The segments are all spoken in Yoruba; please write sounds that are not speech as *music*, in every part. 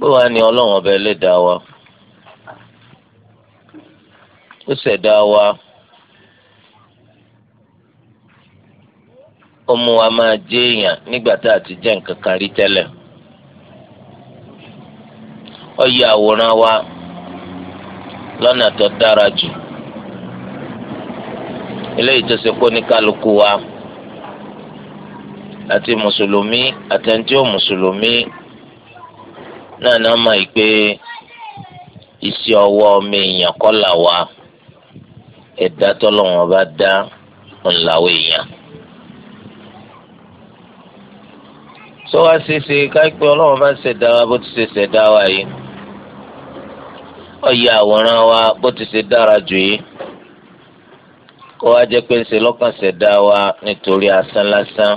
bó wàá ní ọlọ́run ọba ẹlẹ́dàá wa ó ṣẹ̀dá wa ó mú wa máa jẹ́ èèyàn nígbà tá a ti jẹ́ nǹkan kan rí tẹ́lẹ̀ ó yí àwòrán wa lọ́nà tó dára jù eléyìí tó ṣe kó ní kálukú wa àti mùsùlùmí àtẹ̀ntí ò mùsùlùmí náà ni wọ́n mọ̀ yìí pé iṣẹ́ ọwọ́ ọmọ èèyàn kọ́ là wá ẹ̀dá tọ́lọ́wọ́n bá dá ńláwọ̀ èèyàn. sọ́wọ́ ṣeéṣe káìpẹ́ ọlọ́wọ́n bá ṣẹ̀dá wa bó ti ṣe ṣẹ̀dá wa yìí ọ̀yẹ́ àwòrán wa bó ti ṣe dára jù yìí kó wá jẹ́ pé ń ṣe lọ́kàn ṣẹ̀dá wa nítorí asán lásán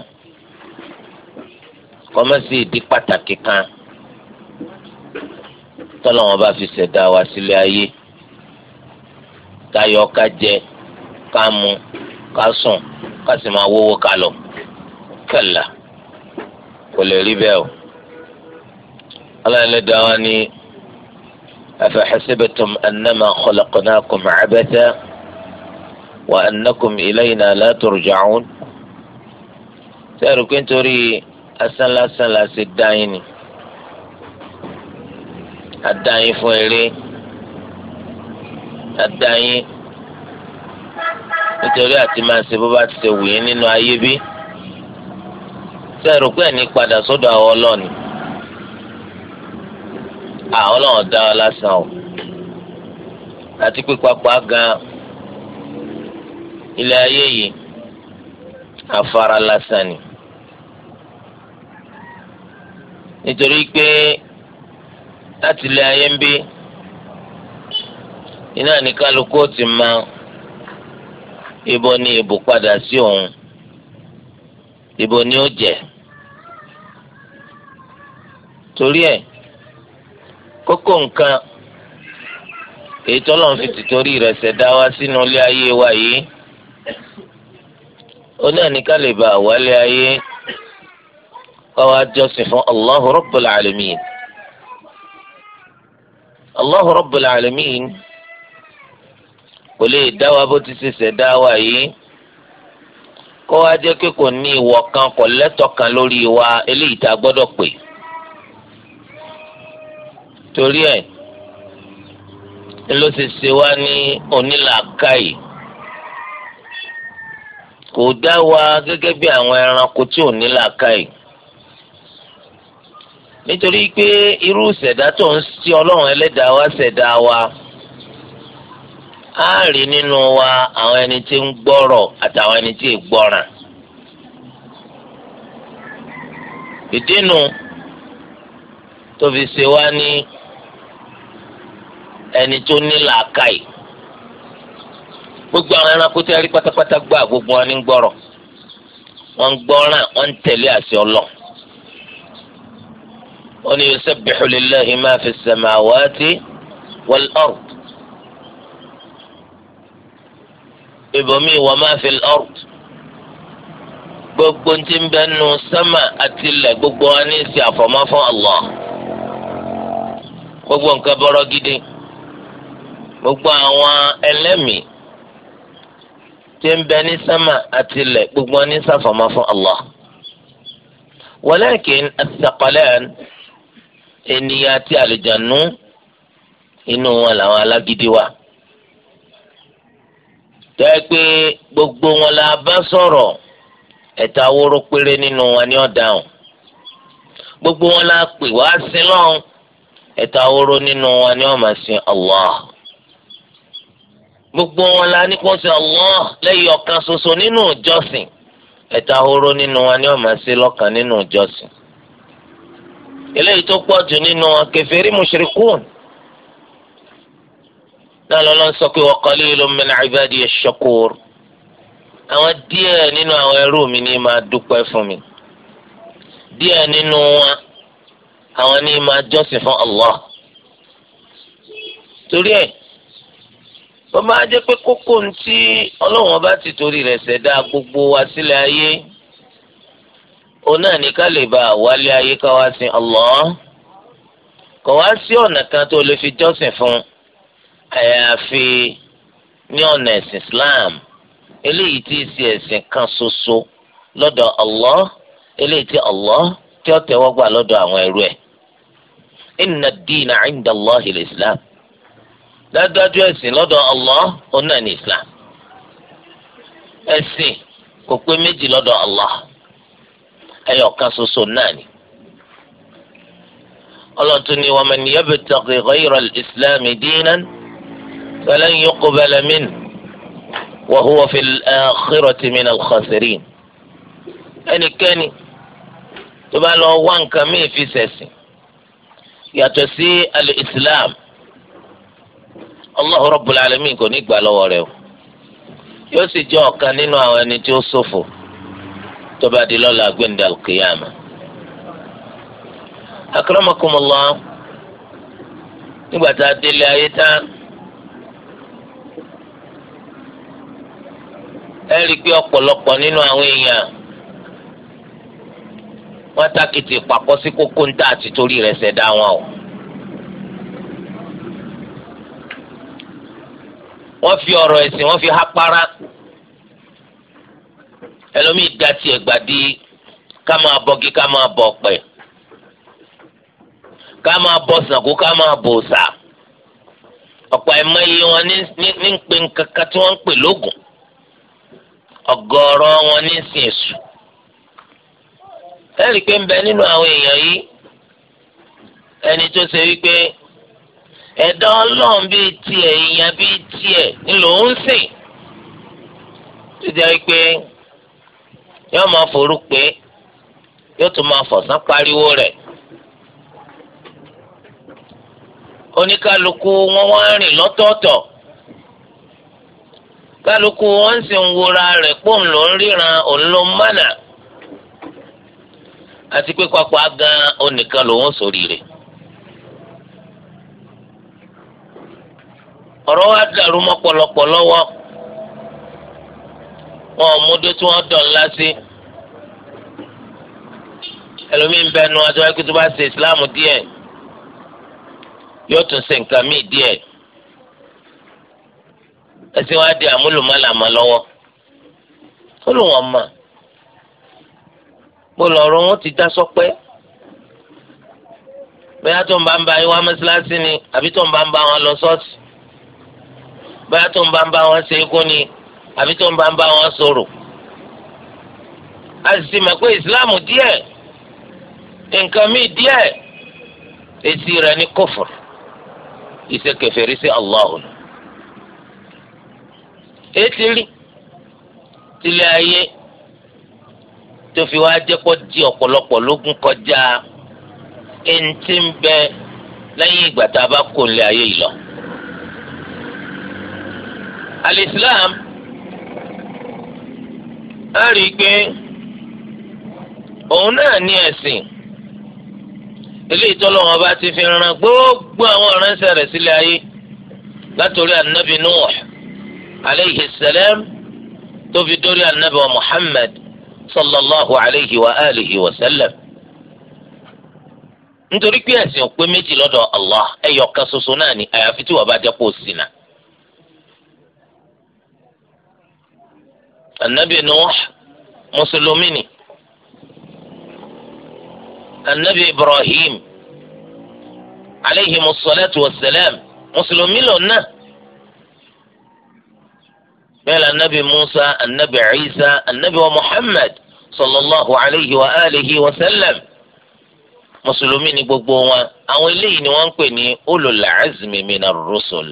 kọ́mẹ́sì ìdí pàtàkì kan tọ́lọ́wọ́n bá fi ṣẹ̀dá wa sílé ayé ká yọ ká jẹ ká mu ká sùn ká sì máa wówó ká lọ kẹlà kò lè rí bẹ́ẹ̀ o. aláìlẹ́dàá wa ni afahasibatum annama khalaqnakum abata wa annakum ilayna la turja'un. sẹ́ẹ̀rù pé nítorí asánlásánlá ṣe dá yín ni adáyín fún eré adáyín nítorí àti máa ṣe bó bá ti ṣe wù yín nínú ayé bí ṣe rò pé ẹni padà sọ́dọ̀ àwọn ọlọ́ọ̀ni àwọn ọlọ́ọ̀n dá ọ lásán o àti pípapá gan ilé ayé yìí afárá lásán ni nítorí pé. láti ilé ayé ń bí iná ní kálukú ó ti máa ibo ni ìbò padà sí òun ibo ni ó jẹ torí ẹ̀ kókó nǹkan èyí tọ́lọ́run fi tìtorí rẹ̀ ṣẹ̀dá wá sínú ilé ayé wa yìí ó náà ní ká lè bá wálé ayé ká wá jọ́sìn fún Allahu Rabbul Alamin. Allahu Rabbul Alamin kò lè dá ti ṣe ṣẹ̀dá wa yìí kó kò ní kan lórí wa eléyìí tá gbọ́dọ̀ pè torí ẹ̀ ló wá ní onílàákàyè kò dá gẹ́gẹ́ bí nítorí pé irú ṣẹ̀dá tó ń ti ọlọ́run ẹlẹ́dàá wa ṣẹ̀dá wa á rí nínú wa àwọn ẹni tí ń gbọ́rọ̀ àtàwọn ẹni tí ì gbọ́ràn. ìdínú tó fi ṣe wá ní ẹni tó ní làákàyè gbogbo àwọn ẹranko tí a rí pátápátá gbà gbogbo wọn ní gbọ́rọ̀ wọ́n ń gbọ́ràn wọ́n ń tẹ̀lé àṣẹ ọlọ́run ó ní yusabbihu lillahi ma fi samawati wal ard ibòmíì wa ma fi ard gbogbo ti ń bẹ nu sámà àti ilẹ̀ gbogbo wa ní ìsì àfọ̀mọ́ fún Allah gbogbo nǹkan bọ́rọ̀ gidi gbogbo àwọn ẹlẹ́mìí tí ń bẹ ní sámà àti gbogbo wa ní ìsàfọ̀mọ́ fún Allah walakin as ènìyàn àti àlùjànnú inú wọn làwọn alágídí wà tẹ́ pé gbogbo wọn la bá sọ̀rọ̀ ẹ̀ta wóró péré nínú wọn ni ọ̀daràn gbogbo wọn la pè wá sí lọ́hùn ẹ̀ta wóró nínú wọn ni ọ̀mà sin Allah gbogbo wọn la ní kó sin Allah lẹ́yìn ọ̀kan ṣoṣo nínú ìjọsìn ẹ̀ta wóró nínú wọn ni ọ̀mà sin lọ́kan nínú ìjọsìn eléyìí tó pọ̀ jù nínú kèfèrí mushrikun náà lọ́lọ́ ń sọ pé wa qalilun min ibadiya ash-shakur àwọn díẹ̀ nínú àwọn ẹrú mi ní máa dúpẹ́ fún mi díẹ̀ nínú wa àwọn ní máa jọ́sìn fún Allah torí ẹ̀ wọ́n máa jẹ́ pé kókó ntí ọlọ́run ọba ti torí rẹ̀ ṣẹ̀dá gbogbo wa sílẹ̀ ayé. ona ni ní ká lè ba àwálé ayé ká wá sin Allah kò wá sí ọ̀nà kan tó lè fi jọ́sìn fún àyàfi ní Islam eléyìí iti si esi kan soso lọ́dọ̀ Allah eléyìí iti Allah tí ó tẹ́wọ́ gbà lọ́dọ̀ àwọn ẹrú ẹ̀ inna ad 'inda Allah al-Islam dájúdájú ẹ̀sìn lọ́dọ̀ Allah ona ni Islam Esi, kò pé méjì lọ́dọ̀ Allah. ẹyọ kan ṣoṣo náà ni. ọlọ́tún ni wa man yabtaghi ghayra al-islami dinan falan yuqbala minhu wa huwa fil akhirati minal khasirin. ẹnikẹ́ni tó bá lọ wá nǹkan míì fi ṣẹ̀sìn yàtọ̀ sí al-islam Allahu rabbul alamin kò ní gbà lọ́wọ́ rẹ̀ o yóò sì jẹ́ ọ̀kan nínú àwọn ẹni tí ó ṣòfò. So tọ́ba di lọ́la gbẹ̀ndà kìyàmà. akramakumullah nígbà tá a délé ayé tán ẹ rí i pé ọ̀pọ̀lọpọ̀ nínú àwọn èèyàn wọ́n tákìtì pàkọ́ sí kókó ńta àti torí rẹ̀ ṣẹ̀dá wọn o. wọ́n fi ọ̀rọ̀ ẹ̀sìn wọ́n fi hápára ẹlòmíì da tiẹ̀ gbàdí ká máa bọ́gi ká máa bọ ọ̀pẹ ká máa bọ Ṣàngó ká máa bọ òòṣà ọ̀pọ̀ ẹ̀mọ́ iye wọn ní ń pe nǹkankan tí wọ́n ń pè lóògùn ọ̀gọ̀ọ̀rọ̀ wọn ní sìn èṣù ẹ̀rí pé ń bẹ nínú àwọn èèyàn yìí ẹni tó ṣe wípé ẹ̀dá ọlọ́run bíi tiẹ̀ èèyàn bíi tiẹ̀ ńlò ń sìn tó jẹ́ wípé. yóò máa forú pé yóò tún máa fọ̀sán pariwo rẹ̀ oníkálukú wọn wá rìn lọ́tọ̀ọ̀tọ̀ kálukú wọn sì ń wora rẹ̀ pò ń lò ń ríran òun ló ń mánà àti pé pápá gan onìkan lòun sórí rẹ̀. ọ̀rọ̀ wa dàrú mọ́ pọ̀lọpọ̀ lọ́wọ́. wọn ò mú dé tí wọ́n dọ̀ ńlá sí ẹlòmíín bẹ nu àti wáyé tó bá ṣe islam díẹ̀ yóò tún ṣe nǹkan míì díẹ̀ ẹsìn wa di àmúlùmálàmá lọ́wọ́ ó lù wọ́n mà bó lọ́rọ̀ wọn ti dá sọ́pẹ́ bóyá tó ń bá ń bá yín wá mọ́sálásí ni àbí tó ń bá ń bá wọn lọ sọ́ọ̀sì bóyá tó ń bá ń bá wọn ṣe é kó ni àbí tó ń bá ń bá wọn sọ̀rọ̀ a sì ti mọ̀ pé ìsìláàmù díẹ̀ nǹkan míì díẹ̀ èsì rẹ̀ ní kófòr ìṣe kèfèrí sí Allahu ètí rí tilẹ̀ ayé tó fi wá jẹ́pọ̀ di ọ̀pọ̀lọpọ̀ lógún kọjá eŋti ń bẹ lẹ́yìn ìgbà tá a bá kó lé ayé yìí lọ. alìsílámù a rí i pé òun náà ní ẹ̀sìn eléyìí tí Ọlọ́run bá ti fi ran gbogbo àwọn ìránṣẹ́ rẹ̀ sílẹ̀ ayé látòrí anabi Nuh aleyhi salam tó fi dórí anabi wa Muhammad sallallahu alayhi wa alihi wa sallam nítorí pé ẹ̀sìn ò méjì lọ́dọ̀ Allah ẹ̀yọ̀ kan ṣoṣo náà ni àyàfi tí wọ́n bá jẹ́ kó o ṣìnà. anabi nuh mùsùlùmí ni anabi ibrahim aleyhi musalatu wasalam mùsùlùmí lọ́nà bẹ́ẹ̀ la anabi musa anabi isa anabi wa muhammad sallallahu alayhi wa alihi wa sallam mùsùlùmí ni gbogbo wọn àwọn eléyìí ni wọ́n ń pè ní ulul azmi minar rusul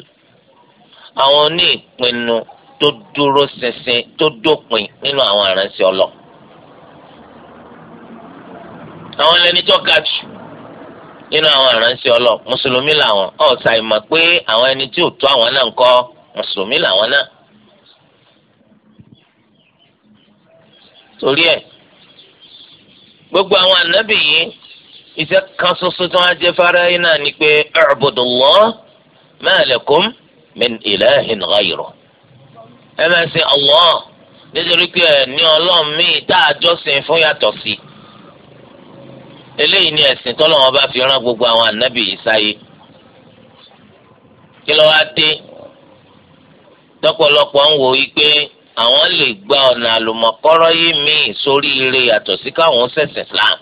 àwọn oní ìpinnu tó dúró ṣinṣin tó dópin nínú àwọn aránṣẹ́ ọlọ. àwọn ẹlẹ́ni tó ga jù nínú àwọn aránṣẹ́ ọlọ mùsùlùmí làwọn ọ̀sà ìmọ̀ pé àwọn ẹni tí ò tó àwọn náà ń kọ́ mùsùlùmí làwọn náà. torí ẹ̀ gbogbo àwọn ànábì yìí iṣẹ́ kan ṣoṣo tí wọ́n á jẹ́ fara yìí náà ni pé i'budullah ma lakum min ilahin ghayruh ẹ máa ṣe Allah nítorí pé ẹ ní ọlọ́run míì tá a jọ́sìn fún yàtọ̀ sí. eléyìí ni ẹ̀sìn tọ́lọ́wọ́n bá fi rán gbogbo àwọn ànábì yìí sáyé. kí ló wá dé tọ́pọ̀lọpọ̀ ń wò ó pé àwọn lè gba ọ̀nà àlùmọ̀kọ́rọ́ yìí míì sórí ire yàtọ̀ sí káwọn ṣẹ̀sìn Islam.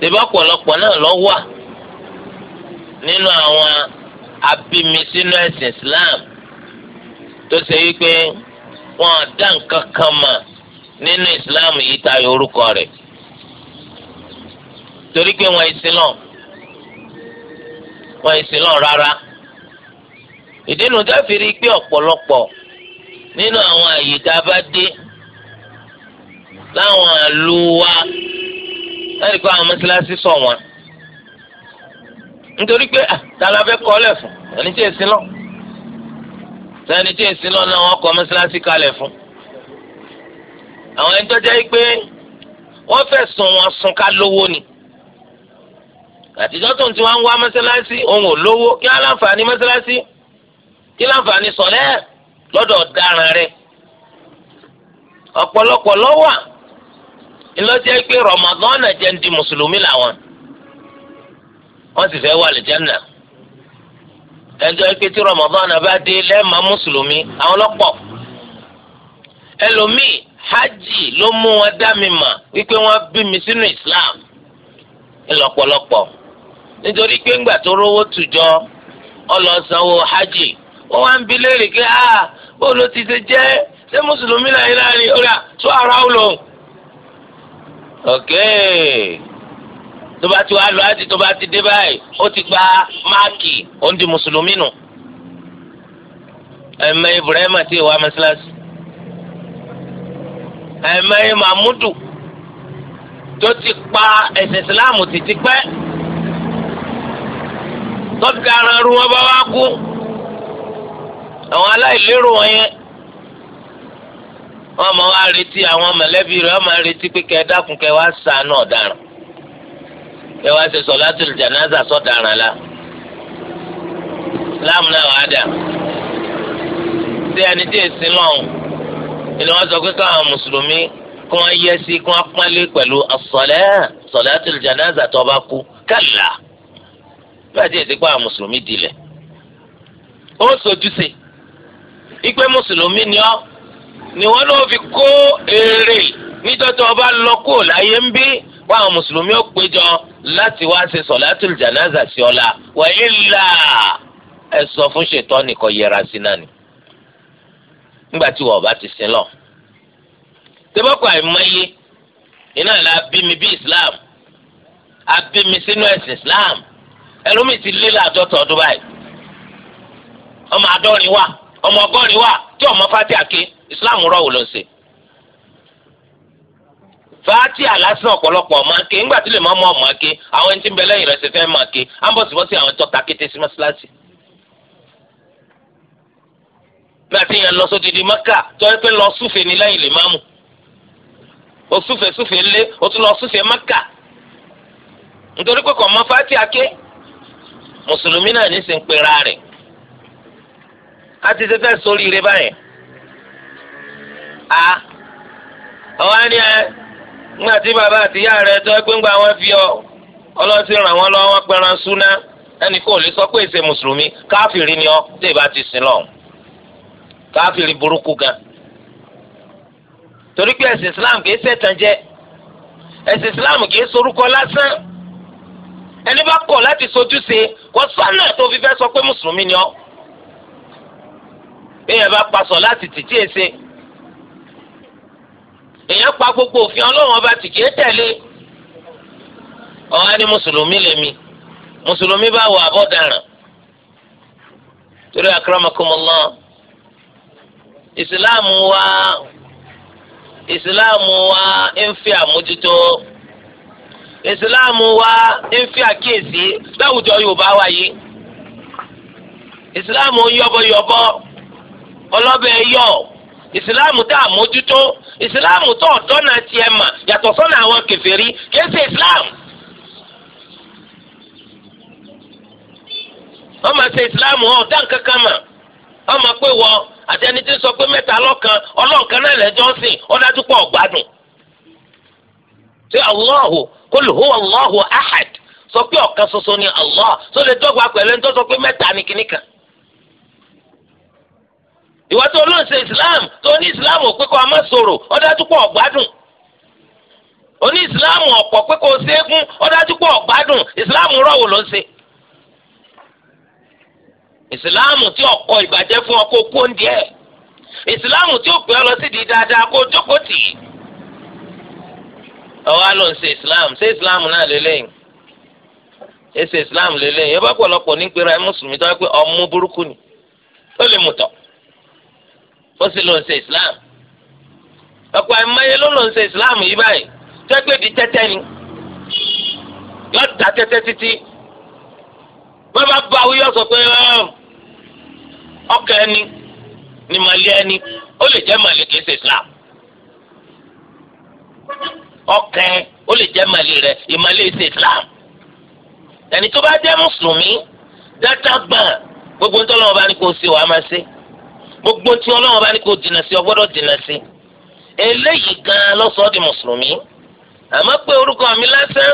tèbá pọ̀lọpọ̀ náà lọ wà nínú àwọn abímisínú ẹ̀sìn Islam. tó ṣe wípé wọn dá nǹkan kan mà nínú islam yìí tayọ orúkọ rẹ̀ torí pé wọn ìsìn lọ wọn ìsìn lọ rárá ìdínú dáfírí pé ọ̀pọ̀lọpọ̀ nínú àwọn àyè tá a bá dé láwọn àlù wa láti kọ́ àwọn mọ́sálásí sọ̀ wọ́n nítorí pé ah, tá a la fẹ́ kọ́ lẹ̀ fún ẹni tí èsì náà. sẹ́ni tí èsì lọ́nà wọn kọ́ mọ́sálásí kalẹ̀ fún. àwọn ẹni tó jẹ́ pé wọ́n fẹ̀sùn wọn sùn ká lówó ni. àtijọ́ tó ń ti wá ń wá mọ́sálásí òun ò lówó kí aláǹfààní mọ́sálásí kí aláǹfààní sọ̀lẹ́ lọ́dọ̀ ọ̀daràn rẹ̀. ọ̀pọ̀lọpọ̀ lọ́wọ́ ìlọ́jẹ́ pé Ramadan jẹ́ ń di mùsùlùmí làwọn. wọ́n sì fẹ́ wà lè jẹ́ náà ẹjọ́ pé tí Ramadan bá dé lẹ́ẹ̀ma mùsùlùmí àwọn lọ́pọ̀ ẹlòmíì hajj ló mú wọn dá mi mà wípé wọn bí mi sínú Islam ńlọ́pọ̀lọpọ̀ nítorí pé ńgbà tó rówó tùjọ ọlọ́sanwó hajj wọ́n wá ń bi léèrè pé bó ló ti ṣe jẹ́ ṣé mùsùlùmí láyé láàrin ọ̀rẹ́ ara ó lò. okay tó bá ti wá lọ àti tó bá ti dé báyìí ó ti gba máàkì ó ń di mùsùlùmí nù. ẹ̀mẹ́ Ibrahim àti ìwà mẹ́sàlásì ẹ̀mẹ́ Mahmudu tó ti pa ẹ̀sìn Ìsìláàmù títí pẹ́ tọ́ka ara ru wọn bá wá kú àwọn aláìlérò wọn yẹn wọn máa wá retí àwọn mọ̀lẹ́bí rẹ̀ wọn máa retí pé kẹ́ ẹ wá ṣàánú ọ̀daràn ẹ wá ṣe sọ̀látùl jànáza sọ̀daràn la láàmú náà wàá dà tí ẹni tí èsì lọ́hùn ìlú wọn sọ pé káwọn mùsùlùmí kí wọ́n yẹ sí kí wọ́n pọ́nlé pẹ̀lú as-salat sọ̀látùl jànáza tó bá kú kálá bẹ́ẹ̀ tí èsì pé àwọn mùsùlùmí dilẹ̀ ó sojúṣe ìpè mùsùlùmí ni ọ́ ni wọ́n lọ́ọ́ fi kó èrè nítorí ọba lọ́kọ̀ láyé ń bí báwọn mùsùlùmí ó péjọ láti wá ṣe sọ̀látùl jànáza sí ọ̀la wẹ̀yìn là ẹ sọ fún ṣètọ́ nìkan yẹra sí náà ni nígbà tí wọ́n bá ti sin lọ. tẹ́bọ́kọ̀ àìmọye iná ìlà bímí bí islam abímí sínú ẹ̀sìn islam ẹlòmíì ti lé láàdọ́tọ̀ ọdún báyìí ọmọ àádọ́rin wà ọmọ ọgọ́rin ọmọ fatih islam rọ̀ wò ló fàátì àlásán ọ̀pọ̀lọpọ̀ ọ̀mọ̀ ake ńgbà tí lè máa mọ ọ̀mọ̀ ake àwọn ẹni tí ń bẹ lẹ́yìn rẹ̀ ṣe fẹ́ máa ke á ń bọ̀ síbọ̀ sí àwọn ẹjọ́ ta kété sí mọ́ṣáláṣí. bí a ti yàn lọ sódìdí mọ́kà tó yẹ pé lọ súfè ní lẹ́yìn lè máa o súfè súfè lé o tún lọ súfè mọ́kà nítorí pé kò mọ fàátì ake mùsùlùmí náà ní sin pera rẹ̀ a ti ṣe fẹ́ sórí ire báyẹn a ọ̀wá ńgbà tí bàbá àti ìyá rẹ̀ tó ẹgbẹ́ ńgbà wọn fi ọ ọlọ́run sì ràn wọ́n lọ́wọ́ wọn pẹran súná ẹnì kò lè sọ pé èsè mùsùlùmí káfìrí ni ọ tẹ́ ẹ bá ti sin lọ́hùn káfìrí burúkú gan torí pé ẹ̀sìn islam kìí ṣẹ̀tàn jẹ ẹ̀sìn islam kìí sorúkọ lásán ẹni bá kọ̀ láti sojúṣe kò sọ́nà tó fi fẹ́ sọ pé mùsùlùmí ni ọ bí yẹn bá pa láti tìtí èsè èèyàn pa gbogbo òfin ọlọ́run ọba tìkì é tẹ̀lé ọ̀hán ni mùsùlùmí lèmi mùsùlùmí bá wà bọ́ dáràn torí akramakumullah ìsìláàmù wa ìsìláàmù wa ń fi àmójútó ìsìláàmù wa ń fi àkíyèsí láwùjọ yorùbá wa yìí ìsìláàmù yọbọyọbọ ọlọ́bẹ̀ yọ̀ ìsìláàmù tá a mójútó tó ọ̀dọ́ tiẹ̀ mà yàtọ̀ sọ́nà àwọn kèfèrí kìí ṣe ìsìláàmù. wọ́n máa ṣe ìsìláàmù kankan mà wọ́n máa pé wọ àtẹni tí ń sọ pé mẹ́ta lọ́kan ọlọ́ọ̀kan náà lẹ́jọ́ sìn ọ̀dájú pọ̀ gbádùn. ṣé ahad sọ pé ọ̀kan ṣoṣo ni Allah sọ lè dọ́gba pẹ̀lú ẹni tó sọ ìwà tó ló ṣe islam tó ní islam ò pé kó a má sọ̀rọ̀ ó dájú pọ̀ ọ̀gbádùn oní islam ọ̀pọ̀ pé kó o ṣeégún ó dájú pọ̀ ọ̀gbádùn islam rọ̀wò ló ń ṣe islam tí ọkọ ìbàjẹ́ fún ọ kó kó ń díẹ̀ islam tí ó pè ọ lọ sí di dáadáa kó jókòó tì í ọwọ́ á ló ń ṣe islam ṣé islam náà lélẹ́yìn ṣé ṣe islam lélẹ́yìn ẹ bá pọ̀lọpọ̀ nígbèrè mùsùlùmí tó wá pé ọmú burúkú ni ó lè mú tọ̀ ó sì lọ ṣe islam ọ̀pọ̀ àìmọye ló lọ ṣe islam yìí báyìí tẹ́gbẹ́ di tẹ́tẹ́ ni yọ da tẹ́tẹ́ títí wọ́n bá bá wí yọ sọ pé ọkọ ẹni ni màlẹ́ ẹni ó lè jẹ́ màlẹ́ kìí ṣe islam ọkọ ẹ ó lè jẹ́ màlẹ́ rẹ ìmàlẹ́ ṣe islam ẹni tó bá jẹ́ mùsùlùmí dáadáa gbà gbogbo ń tọ́lọ́wọ́ bá ní kó o ṣe wàá máa ṣe gbogbo tí ọlọ́run bá ní kó jìnnà sí ọ gbọ́dọ̀ jìnnà sí eléyìí gan lọ́sọ̀ọ́ di mùsùlùmí àmọ́ pé orúkọ mi lásán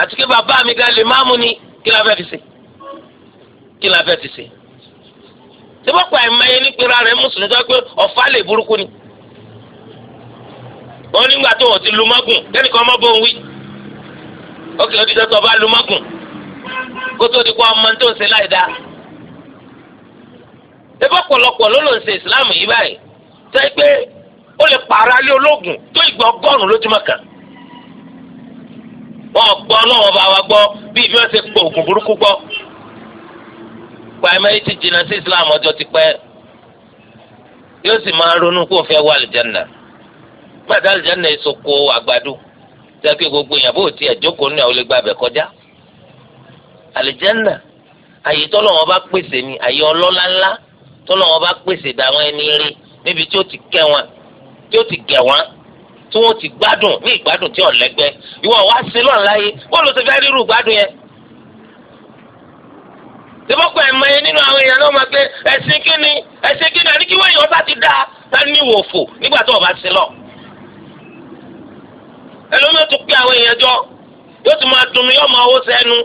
àti pé bàbá mi gan lè má mú ni kí la fẹ́ fi ṣe kí la fẹ́ fi ṣe tí wọ́n pa ẹ̀mẹ́yẹ nípínlẹ̀ rẹ̀ mùsùlùmí tó pé ọ̀fà lè burúkú ni wọ́n nígbà tó wọ́n ti lu mọ́gùn kẹ́nìkan ọmọ bò ń wí ókè ó ti dọ́tọ̀ ọba lu mọ́gùn kótó ti kọ́ ọmọ tó ń ṣe láì dáa ebó pọ̀lọpọ̀ ló ló ń ṣe islam yìí báyìí tẹ pé ó lè pààrà lé ológun tó ìgbà ọgọ́rùn lójúmọ́ kan wọn gbọ́ lọ́wọ́ bá wa gbọ́ bí ìbí wọn ṣe pọ ògùn burúkú gbọ́ pàmò ti jìnnà sí islam ọjọ́ ti pẹ́ yóò sì máa ronú kó fẹ́ wà àlùjánnà gbàdá àlùjánnà èso kó àgbàdo tẹ pé gbogbo yàn bó tiẹ̀ jókòó náà ó lè gbàbẹ̀ kọjá àlùjánnà àyè tọ́lọ̀ wọn bá pèsè ní àyè ọlọ́lá ńlá tọ́lọ́ wọn bá pèsè dàwọn ẹni rí níbi tí ó ti kẹ́ wọn tí ó ti gẹ̀ wọn tí wọ́n ti gbádùn ní ìgbádùn tí ọ̀lẹ́gbẹ́ ìwọ wá sí lọ́n láyé bọ́ọ̀lù ti fẹ́ rírú gbádùn yẹn. Tẹ́fọ́pọ̀ ẹ̀mọ yẹn nínú àwọn èèyàn náà máa pé ẹ̀sìn kíni ẹ̀sìn kíni àní kí wọ́n yàn bá ti dáa tá ní ìwòfò nígbà tó o bá sí lọ. Ẹlòmíràn tún pé àwọn èèyàn jọ yóò tún máa dùn mí yóò máa wó sẹ́nu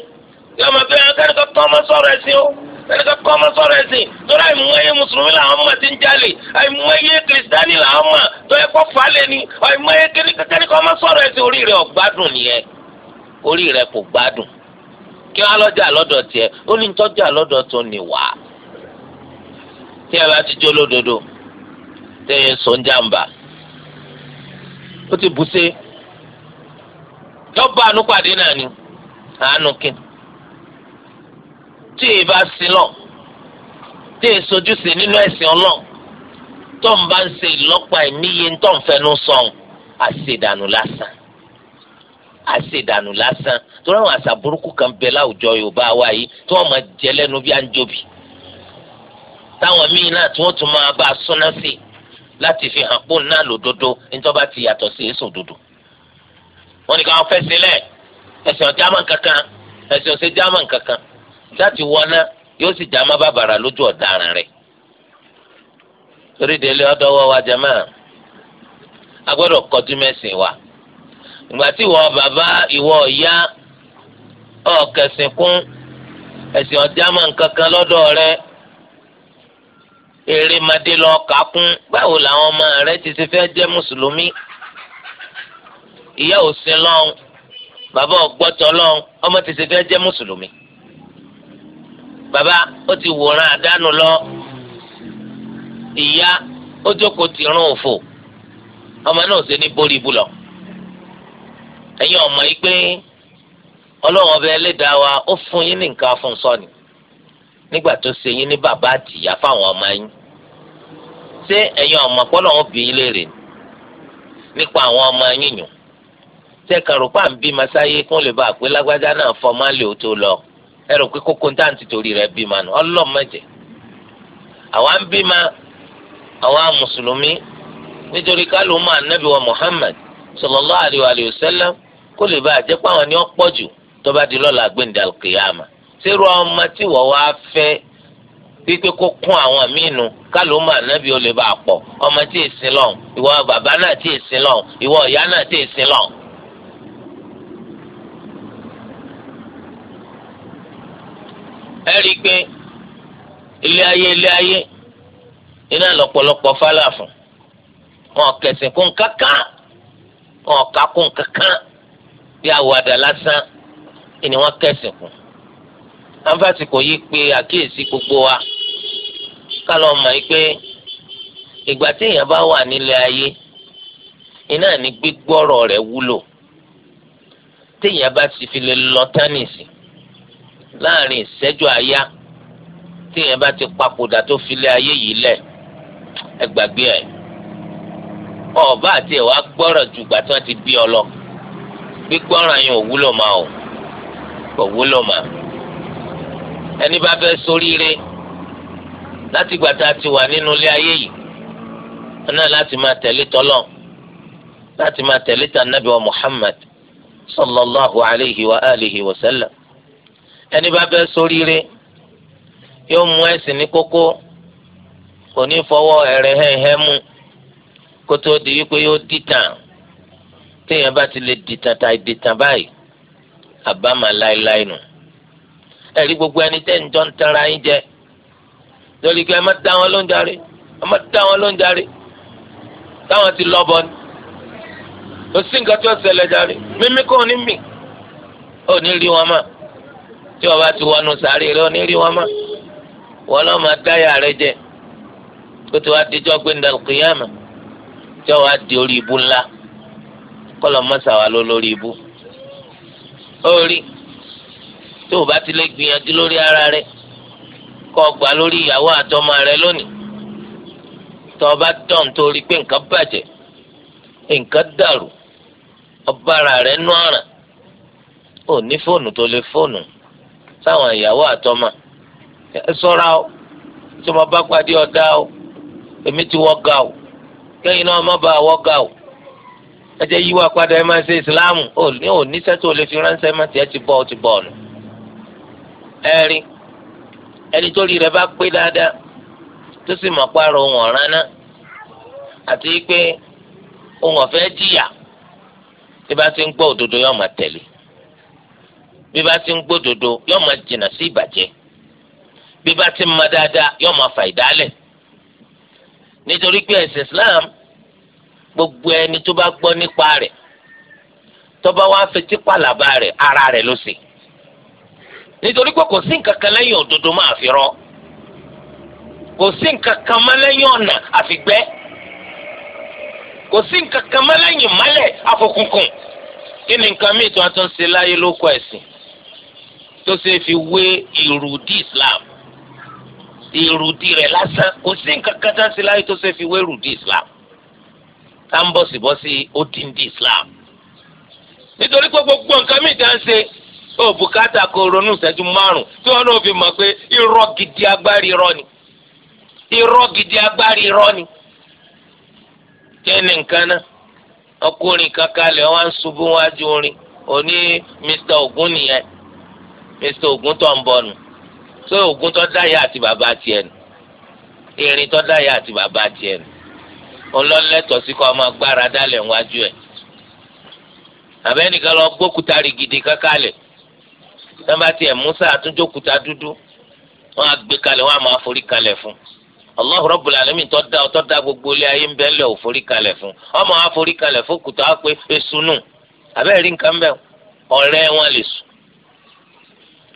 yóò máa pé ẹ̀rọ ẹni ká kọ́ ọmọ sọ̀rọ̀ ẹ̀sìn torí àìmọye mùsùlùmí làwọn ọmọ ti ń jalè àìmọye kìrìsìtánì làwọn ọmọ tó yẹ kó fà á lé ní àìmọye kékeré kọ́ ọmọ sọ̀rọ̀ ẹ̀sìn orí rẹ̀ ọ̀gbádùn nìyẹn orí rẹ̀ kò gbádùn kí wọ́n á lọ́jà lọ́dọ̀ tiẹ̀ ó ní tọ́jà lọ́dọ̀ tó ní wá. tí ẹ bá ti jó lódodo tẹ́yẹ sọ ń jàǹbá ó ti bù sí lọ́ba àánú pàdé náà ni àánú kí ni tí èyí bá sin lọ tí èyí sojúṣe nínú ẹ̀sìn ọlọ́ tó ń bá ń ṣe ìlọ́pàá ìníye tó ń fẹnu sọ̀n àṣedànù lásán àṣedànù lásán torí àwọn àṣà burúkú kan bẹ láwùjọ Yorùbá wa yìí tí wọ́n máa jẹ lẹ́nu bí àǹjọbì táwọn míín náà tí wọ́n tún máa bá a súná sí láti fi hàn pọ́n náà lòdodo nítorí bá ti yàtọ̀ sí èso òdodo wọ́n ní káwọn fẹ́ sílẹ̀ ẹ̀sìn ọ̀já mọ̀ kankan ẹ̀sìn ọ̀sẹ̀ já mọ̀ kankan sáti wọná yóò sì já má bàbàrà lójú ọ̀daràn rẹ̀ torí délé ọdọwọ wa jẹmọ a gbọ́dọ̀ kọjú mẹ́sìn wa ìgbà tí ìwọ bàbá ìwọ ìyá ọkẹsìn kún ẹ̀sìn ọjàmọ nkankan lọ́dọ̀ rẹ̀ èrè madé lọ kàkún báwo làwọn ọmọ rẹ̀ ti ṣe fẹ́ jẹ́ mùsùlùmí ìyá òsín lọ́hùn bàbá ọgbọ́tọ̀ lọ́hùn ọmọ ti ṣe fẹ́ jẹ́ mùsùlùmí. baba ó ti wòran àdánù lọ ìyá ó jókòó ti rún òfò ọmọ náà ṣe ní bórí ibu lọ ẹ̀yin ọmọ yìí pé ọlọ́wọ́n ọbẹ̀ ẹlẹ́dàá wa ó fún yín ní nǹkan fún sọ́ni nígbà tó ṣe yín ní bàbá àtìyá fáwọn ọmọ yín ṣé ẹ̀yin ọmọ pọ́lọ́ wọn bí yín léèrè nípa àwọn ọmọ yín yùn tẹ́ kàrò pàǹbí masáyé kún lè bá àpé lágbájá náà fọ́ máa ó tó lọ ẹ rò pé kókó tá à ń ti torí rẹ̀ bímọ nù ọlọ́mọdé àwa ń bímọ mùsùlùmí nítorí mọ Muhammad sallallahu alaihi wa kó lè bá àjẹpọ àwọn ni ó pọ̀ jù tó bá di lọ́la gbẹ̀ǹdà kìyàmà sírú ọmọ tí wọ́n wá fẹ́ pípé kó kún àwọn míínu kálù mọ ànábì lè bá a ọmọ tí ẹ rí i pé ilé ayé ilé ayé iná lọ́pọ̀lọpọ̀ fálà fún wọn kẹsìn kún kankan wọn kà kún kankan bí àwàdà lásán ni wọn kẹsìn kún anfàtì kò yí pé àkíyèsí gbogbo wa kálọ̀ mọ̀ yí pé ìgbà tí èèyàn bá wà nílé ayé iná ní gbígbọ́rọ̀ rẹ̀ wúlò téèyàn bá sì fi lè lọ tánìsì. Si láàrin ìṣẹ́jú aya téèyàn bá ti papòdà tó filé ayé yìí lẹ̀ ẹ gbàgbé ọba àti ẹ̀wà gbọ́rọ̀ ju ìgbà tí wọ́n ti bí ọ lọ yẹn ò wúlò máa o kò wúlò máa ẹni bá fẹ́ ṣoríire láti ìgbà tá a ti wà nínú ilé ayé yìí wọn náà láti máa tẹ̀lé tọ́lọ̀ láti máa tẹ̀lé tànàbí wa Muhammad sallallahu alayhi wa alihi wa sallam ẹni bá fẹ́ ṣoríire yóò mú ẹ̀sìn ní kókó kò ní fọwọ́ ẹ̀rẹ̀ hẹ́hẹ́ mú kó tó di wípé yóò dìtàn téèyàn bá ti lè dìtàn tàì dìtàn báyìí àbámà láéláé nù ẹ̀rí gbogbo ẹni tẹ́ ń jọ ń tanra yín jẹ lórí kí ẹ má dá wọn ló ń darí ẹ má dá wọn ló ń darí táwọn ti lọ bọ ni kò tó ṣẹlẹ̀ darí mímí kò ní mì ò ní rí wọn mọ́ tí wọn bá ti wọnú sàárè rẹ onírí wọn mọ wọn lọ máa dáyà rẹ jẹ kó tí wàá dijọ́ gbẹ̀ndà kìyàmà tí wọn wá di orí ibu ńlá kọlọ mọ́sà wà ló lórí ibu. orí tí o bá ti lè gbìyànjú lórí ara rẹ kọ́ gbà lórí ìyàwó àtọmọ rẹ lónìí tó o bá dán torí pé nǹkan bàjẹ́ nǹkan dàrú ọba rẹ nú ọ̀ràn ò ní fóònù tó lè fóònù. sáwọn ìyàwó àtọmọ ẹ o tí mo bá pàdé ọdá o èmi ti wọ ga o náà má bàa wọ ga o ẹ yíwá padà ẹ máa ṣe ìsìláàmù ò ní ò níṣẹ́ lè fi ránṣẹ́ má ti ọ ti bọ̀ ọ̀nà ẹ ẹni tó rí rẹ bá pé dáadáa tó sì ti ń bí bá ti ń gbódodo yóò máa jìnnà sí ìbàjẹ́ bí bá ti ń ma dáadáa yóò máa fà ìdálẹ̀ nítorí pé ẹ̀sìn Islam gbogbo ẹni tó bá gbọ́ nípa rẹ̀ tó bá wá fetí pàlàbà rẹ̀ ara rẹ̀ ló ṣe nítorí pé kò sí nǹkan kan lẹ́yìn òdodo máa fi rọ́ kò sí nǹkan kan mọ́ lẹ́yìn ọ̀nà àfigbẹ́ kò sí nǹkan kan mọ́ lẹ́yìn mọ́lẹ̀ àfọkùnkùn kí ni nǹkan míì tó a tún ṣe láyé ló kọ ẹ̀sìn tó ṣe fi wé ìrùdí islam irudi re lásán kò sí nǹkan kan tá sí fi wé islam tá ń bọ̀sibọ́sí ó dín islam nítorí pé gbogbo nǹkan mìíràn tá ṣe ó bùkátà ronú ìṣẹ́jú márùn tí wọ́n náà fi mọ̀ gidi agbárí irọ́ ni irọ́ gidi agbárí irọ́ ni kẹ́ni nǹkan náà ọkùnrin orin òní mr ogun nìyẹn Mr ogun tó ń so ogun tó dá àti bàbá tiẹ nù irin tó dá àti bàbá tiẹ nù ọlọ́lẹ́tọ̀ọ́ sí kọ́ ọmọ agbára dálẹ̀ wájú ẹ̀ àbẹ́nìkan lọ gbókúta rìgìdì kákàlẹ̀ sábà tiẹ̀ musa àtúndókúta dúdú wọn kalẹ̀ kalẹ̀ fún gbogbo ilé ayé ń kalẹ̀ fún ọmọ kalẹ̀ fún kùtà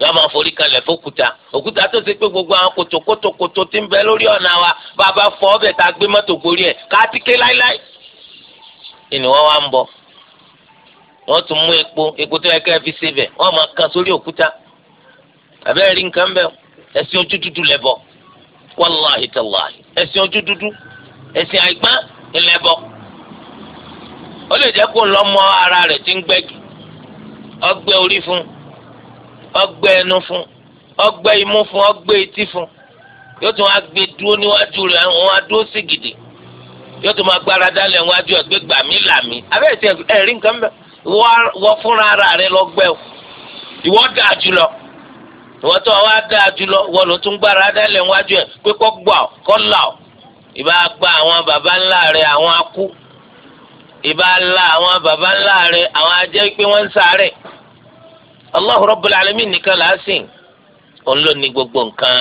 yọ máa forí kalẹ̀ fókúta òkúta tó ṣe pé gbogbo àwọn kòtòkòtòkòtò ti ń bẹ lórí ọ̀nà wa bàbá fọ ọbẹ̀ tá a gbé mọ́tò gorí ẹ̀ káàtìké láíláí. ìní wọn wá ń bọ wọn tún mú epo epo tó yẹ wọn máa kan sórí òkúta àbẹ́rẹ́ rí nǹkan bẹ́ẹ̀ ẹ̀sìn ojú dúdú lẹ́bọ̀ wàláhì ẹ̀sìn ọgbẹ ẹnu fún ọgbẹ imú fún ọgbẹ etí fún yóò tún wá gbé dúró níwájú rẹ wọn á dúró sí gidi yóò tún máa gbára dálẹ̀ níwájú ọgbẹ gbàmí làmí abẹ́rẹ́ ẹ̀rí nǹkan bẹ́ẹ̀ wọ fúnra ara rẹ lọ gbẹ o ìwọ dáa jùlọ ìwọ tó wá dáa jùlọ wọn ló tún gbára dálẹ̀ níwájú ẹ pé kọ́ gbà ọ kọ́ là ọ ìbá gba àwọn baba ńlá rẹ àwọn akú ìbá la àwọn baba ńlá rẹ àwọn ajẹ́ pé wọ́n ń sáré Allahu Rabbul Alamin nìkan là á sìn òun ló ní gbogbo nǹkan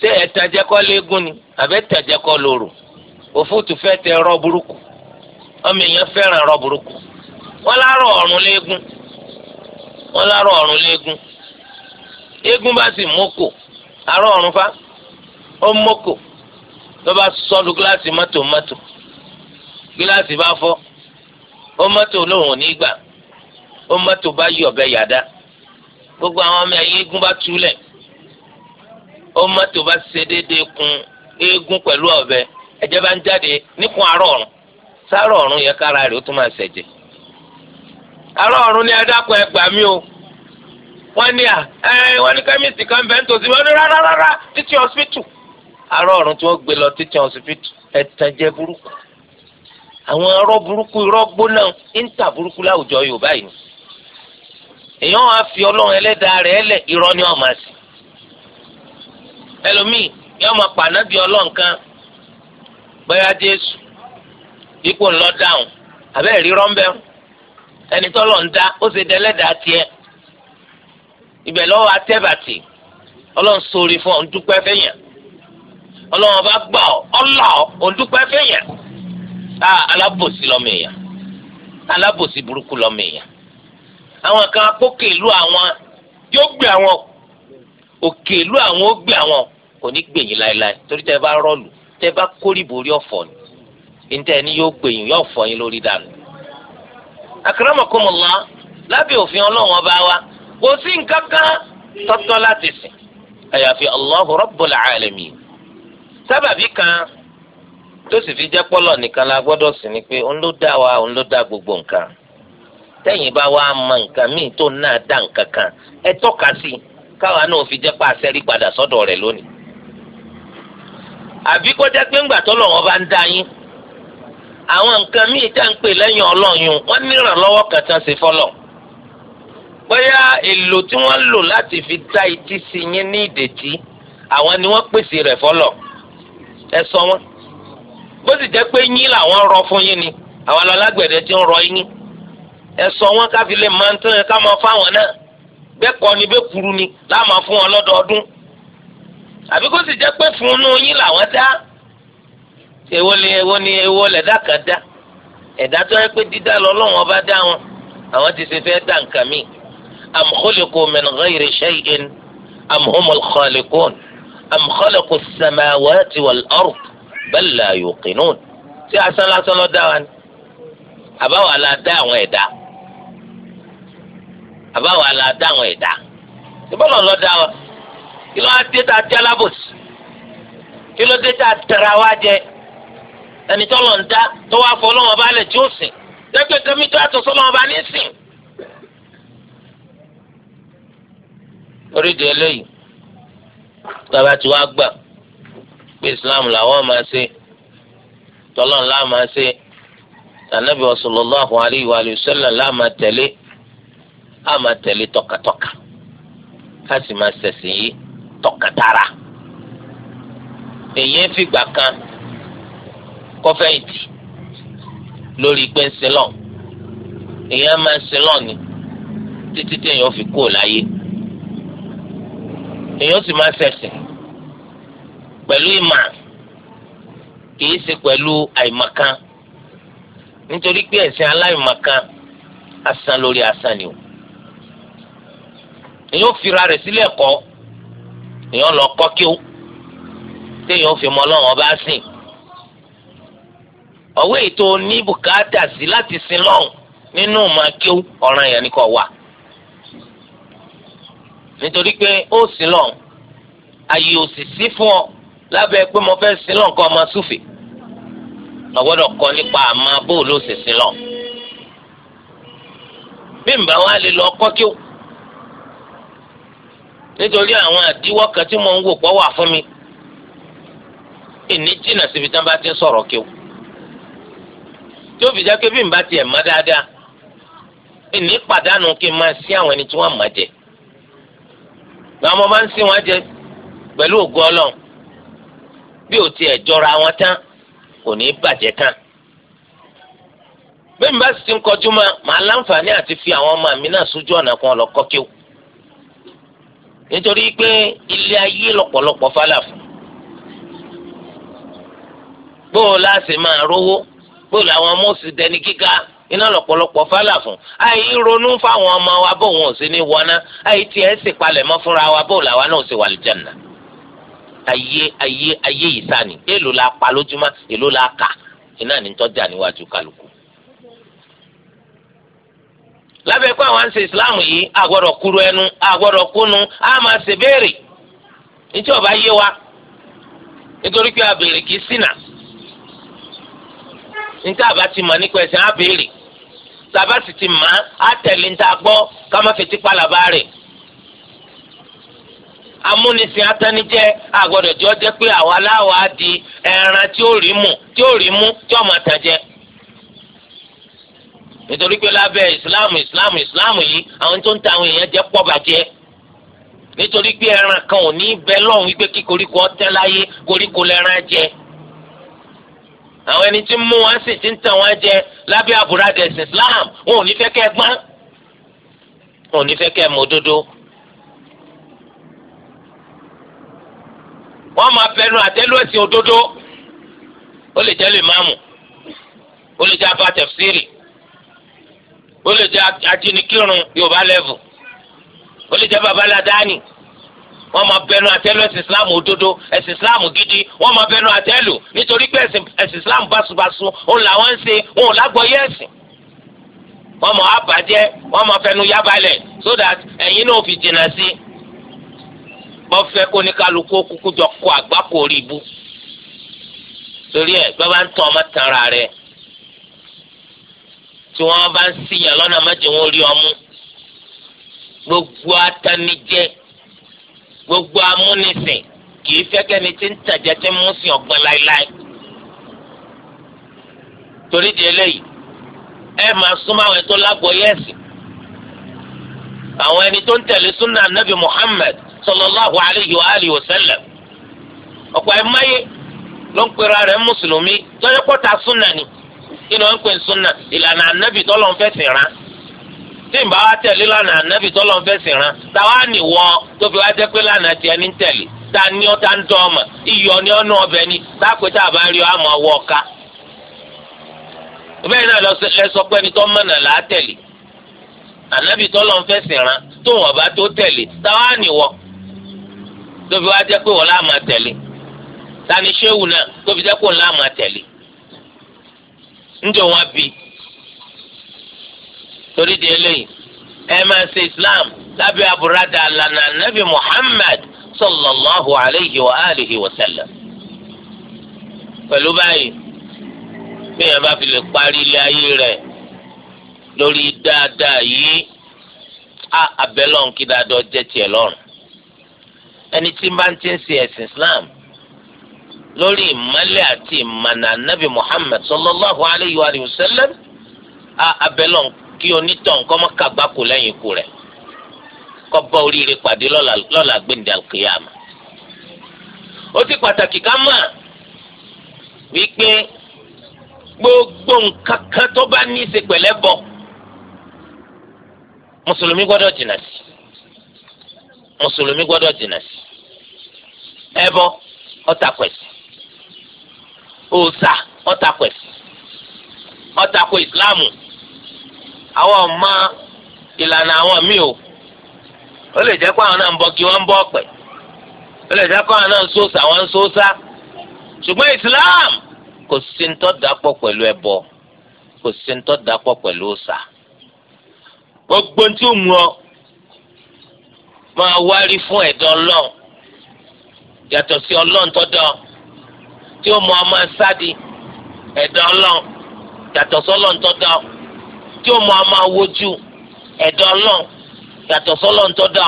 ṣé ẹ̀tàjẹ́ kọ́ léegun ni àbẹ́ ẹ̀tàjẹ́ kọ́ lóru òfútu fẹ́ tẹ rọ́ burúkú ọmọ èèyàn fẹ́ràn rọ́ burúkú wọ́n lárọ̀ ọ̀run léegun wọ́n lárọ̀ ọ̀run léegun bá sì mọ́kò àárọ̀ ọ̀run fa ó mọ́kò ló bá gíláàsì ó mọ́tò bá yí ọ̀bẹ yàdá gbogbo àwọn ọmọ ẹ̀yìn eégún bá túlẹ̀ ó mọ́tò bá ṣe déédéé kun eégún pẹ̀lú ọ̀bẹ ẹ̀jẹ̀ bá ń jáde níkun àárọ̀ ọ̀run sáárọ̀ ọ̀run yẹ kára rẹ̀ ó tún máa ṣẹ̀jẹ̀ àárọ̀ ọ̀run ni adákọ̀ mí o wọ́n ní à ẹ wọ́n ní kan bẹ́ẹ̀ ní títí àárọ̀ ọ̀run tí wọ́n gbé lọ títí burúkú àwọn burúkú irọ́ gbóná burúkú láwùjọ Yorùbá yìí èèyàn wá fi ọlọ́run ẹlẹ́dàá rẹ̀ lẹ̀ irọ́ ni wọ́n máa sì ẹlòmíì yóò máa pàná bí ọlọ́run kan bóyá jésù ipò ńlọ dáhùn àbẹ́ ìrírọ́ ń bẹ́ ẹni tọ́lọ̀ ń dá ó ṣe dẹ́lẹ́dàá tiẹ̀ ibẹ̀ lọ́wọ́ atẹ́bàtì ọlọ́run sórí fún ọ ń dúpẹ́ fẹ́yàn ọlọ́run ọba gbà ọ ọlọ́ ọ dúpẹ́ fẹ́yàn ah, alábòsí lọ́mọ èèyàn alábòsí burúkú lọ́mọ èèyàn àwọn kan agbókè ìlú àwọn yóò gbé àwọn òkè ìlú àwọn ó gbé àwọn kò ní gbèyìn láéláé torí tẹ bá rọlù tẹ bá kórìbò ọ̀fọ̀ ni níta ẹni yóò gbèyìn yóò fọ́ yín lórí dànù. akramakumullah òfin ọba wa kò sí nǹkan kan láti sìn àyàfi sábàbí gbogbo nǹkan. tẹ́yìn bá wá mọ nǹkan míì tó náà dá nǹkan kan ẹ tọ́ka sí i káwa náà fi jẹ́ pa àṣẹ́rí padà sọ́dọ̀ rẹ̀ lónìí. àbí kó jẹ́ pé ńgbà tọ́lọ̀ wọn bá ń dá yín àwọn nǹkan míì tá à ń pè lẹ́yìn ọlọ́yún wọ́n nírànlọ́wọ́ kan tán ṣe fọ́lọ̀ bóyá èlò tí wọ́n lò láti fi dá etí sí yín ní ìdètí àwọn ni wọ́n pèsè rẹ̀ fọ́lọ̀ ẹ sọ wọn bó sì jẹ́ pé yín làwọn rọ fún yín ni àwọn alágbẹ̀dẹ ti ń rọ yín ẹ̀sọ́ wọn káfi lè máa ń tán yẹn ká máa fáwọn náà bẹ́ẹ̀ kọ́ ni bẹ́ẹ̀ kuru ni láàmà fún wọn lọ́dọọdún àbí kó sì jẹ́ pé fún un yín làwọn dá èwo ni èwo ni èwo lẹ̀dá kan dá ẹ̀dá tó yẹ pé dídá lọ lọ́wọ́n bá dá wọn àwọn ti ṣe fẹ́ dá nǹkan mi am khuliqu min ghayri shay'in am humul khaliqun wal-ard bal la yuqinun tí asán lásán lọ́ dá wa àbáwọ̀ la dá àwọn ẹ̀dá àbáwọn àlà dáhùn ẹ̀dá ìbọ̀lọ̀ lọ dá wa kí ló dé tá a di alábòsí kí ló dé tá a tẹ̀ra wa jẹ ẹni tó lọ ń dá tó wá fọ ọlọ́wọ́n bá lẹ̀ tí ó sìn lẹ́gbẹ̀ẹ́ kẹ́mi tó yàtọ̀ sọ́lọ́wọ́n bá ní sìn. orídìí eléyìí tọ́ba tí wàá gbà pé Islam làwọn máa ṣe tọ́lọ́n láà máa ṣe tànàbí sallallahu alaihi wa sallam láà máa tẹ̀lé. a ma tẹ̀lé tọkatọka a sì ma ṣẹ̀sìn yìí èyí fìgbà kan kọfẹ́yìntì lórí pé ń silọ́n èyí ń ni títí téèyàn fi kú láyé èyí ó sì máa ṣẹ̀sìn pẹ̀lú ìmọ̀ kìí ṣe pẹ̀lú àìmọ̀kan nítorí pé ẹ̀sìn aláìmọ̀kan asán lórí asán ni o èyàn fira rẹ̀ sílẹ̀ kọ́ èyàn lọ kọ́ kí ó téèyàn fi mọ ọlọ́run ọba sìn ọ̀wé ètò ní bùkátà sí láti sin lọ́hùn nínú máa kí ó ọ̀ràn yẹn ni kò wà nítorí pé ó sin lọ́hùn àyè ò sì sí fún ọ lábẹ́ pé mo fẹ́ sin lọ́hùn kọ́ ọmọ súfèé ọgbọ́dọ̀ kọ́ nípa àmọ́ bóòlù òṣèṣin lọ. bí nbà wa lè lọ kọ́ kí ó nítorí àwọn àdíwọ́ kan tí mò ń wò pọ̀ wà fún mi ìní jìnnà síbi tí wọ́n bá ti ń sọ̀rọ̀ kéwù tí ó fi jẹ́ pé bí n bá tiẹ̀ mọ́ dáadáa ìní pàdánù kí n máa sí àwọn ẹni tí wọ́n mọ̀ jẹ làwọn ọmọ bá ń sí wọn jẹ pẹ̀lú ògo Ọlọ́run bí ò tiẹ̀ jọra wọn tán kò ní bàjẹ́ tán bẹ́ẹ̀ bá ti ń kọjú mọ́ màá láǹfààní àti fi àwọn ọmọ mi náà sójú ọ̀nà kan lọ kọ́ kéwù nítorí pé ilé ayé lọ́pọ̀lọpọ̀ fálà fún bóò láti máa rówó bóò làwọn ọmọ sì dẹni gíga iná lọ́pọ̀lọpọ̀ fálà fún àyè ronú fáwọn ọmọ wa bóò wọn ò sí ní wọná àyè tiẹ̀ sì palẹ̀ mọ́ fúnra wa bóò làwa náà sì wà lìjànà ayé ayé ayé yìí sani èlò la pa lójúmọ́ èlò la kà iná ní tọ́jà níwájú kálukú lábẹ́ pé àwọn ṣe islam yìí àgbọ̀dọ̀ kúrú ẹnu àgbọ̀dọ̀ kúnu á máa ṣe béèrè nítorí ọba yé wa nítorí pé abèrè kì í àbá ti mọ̀ nípa ẹ̀sìn abèrè tàbá sì ti mọ̀ á tẹ̀lé níta gbọ́ ká má fi tipa làbá rẹ̀ amúnisìn atánijẹ́ àgbọ̀dọ̀ jọ jẹ́ pé àwa láwa di ẹran tí ó rí mu tí ó rí mu tí nítorí pé lábẹ́ ìsìláàmù ìsìláàmù ìsìláàmù yìí àwọn tó ń ta àwọn èèyàn jẹ́ pọ̀ bàjẹ́ nítorí pé ẹran kan ò ní bẹ lọ́hùn wípé kí koríko ọtẹ́ láyé koríko lẹ́ran jẹ àwọn ẹni tí ń mú wọn sì ti ń tàn wọn jẹ lábẹ́ àbúradà ẹ̀sìn Islam wọn ò ní fẹ́ kẹ́ ẹ gbọ́n wọn ò ní fẹ́ kẹ́ ẹ mọ òdodo. wọ́n máa fẹnu àtẹ́lù ẹ̀sìn òdodo ó lè jẹ́ lè máàmù ó lè jẹ́ abá tẹ̀fsíìrì ó lè jẹ́ ajínikírun yorùbá lẹ́vù ó lè jẹ́ babaládáni wọ́n máa bẹnu àtẹ́lù ẹ̀sìn islam òdodo ẹ̀sìn islam gidi wọ́n máa bẹnu àtẹ́lù nítorí pé ẹ̀sìn islam báṣubàṣu ó làwọn ń ṣe wọn ò lágbọ́yé ẹ̀sìn wọ́n máa bàjẹ́ wọ́n máa fẹnu yábalẹ̀ so that ẹ̀yin náà fi jìnnà sí bọ́ fẹ́ kó ní kálukú kúkú jọ kó àgbákò rí ibú torí ẹ̀ bàbá ń tàn ọmọ tanra rẹ̀ tí wọn bá ń síyàn lọ́nà méje wọn rí ọmú gbogbo atanijẹ gbogbo amúnisìn kì í fẹ́kẹ́ni tí ń tàjẹ́ tí ń mú sí ọgbọ́n láéláé torí di eléyìí ẹ máa súnmọ́ àwọn ètò àwọn ẹni tó ń tẹ̀lé súnà nabi Muhammad sallallahu alayhi wa alihi wa sallam ọ̀pọ̀ ẹ̀ ń pera rẹ̀ mùsùlùmí súnà ni. kí ni wọ́n ń pè ní sunna ìlànà ànábì tọ́lọ̀ ń fẹ̀sìn rán tí n bá wá tẹ̀lé lánà ànábì tọ́lọ̀ ń fẹ̀sìn rán ta wá nìwọ tó fi wá jẹ́ pé lánà tiẹ̀ ní tẹ̀lé ta ni ọ́ ta ń tọ́ ọmọ iyọ̀ ni ọ́ nù ọbẹ̀ ni tá a pè tá a bá rí ọ àmọ́ ọwọ́ ọ̀ka bẹ́ẹ̀ náà lẹ́sọ pé ẹni tó mọ̀nà là á tẹ̀lé ànábì tọ́lọ̀ ń rán tó wọn bá tó tẹ̀lé ta wá nìwọ tó fi wá jẹ́ pé wọ́n lá ńjọ wọn bi torí di eléyìí ẹ máa ṣe islam lábẹ́ àbúradà nabi muhammad sallallahu alayhi wa alihi wa sallam pẹ̀lú báyìí bí bá fi lè parí ilé ayé rẹ̀ lórí dáadáa yìí á abẹ́lọ́n kí dáadọ́ jẹ́ tiẹ̀ lọ́rùn ẹni tí bá ń ti ń islam. lórí ìmọ̀lẹ̀ àti ìmọ̀nà nabi muhammed sallallahu alayhi wa sallam abẹ́lọ̀ kí onítàn kọ́mọ́ kàgbákò lẹ́yìn ikú rẹ̀ kọ́ bá oríire pàdé lọ́la gbẹ̀ndẹ̀ alkiyama. ó ti pàtàkì ká mọ̀ wípé gbogbo nkankan tó bá ní í ṣe pẹ̀lẹ́ bọ̀ mùsùlùmí ẹbọ òòsà ọ̀tàkùn ọ̀tàkùn ìsìláàmù àwọn ọmọ ìlànà àwọn míì o ó lè jẹ́ pé àwọn náà ń bọ kí wọ́n ń bọ ọ̀pẹ ó lè jẹ́ pé àwọn náà ń sóòsà wọ́n ń sóòsà ṣùgbọ́n ìsìláàmù kò sí ń tọ́ dapọ̀ pẹ̀lú ẹbọ kò sí ń tọ́ dapọ̀ pẹ̀lú òòsà gbogbo tí ó mú ọ máa wárí fún ẹ̀dọ́ ọlọ́run yàtọ̀ sí ọlọ́run tó dán tí ó mú ọmọ sádi ẹ̀dá ọlọ́run yàtọ̀ sọ́lọ́ ńtọ́dá ọ tí ó mú ọmọ wojú ẹ̀dá ọlọ́run yàtọ̀ sọ́lọ́ ńtọ́dá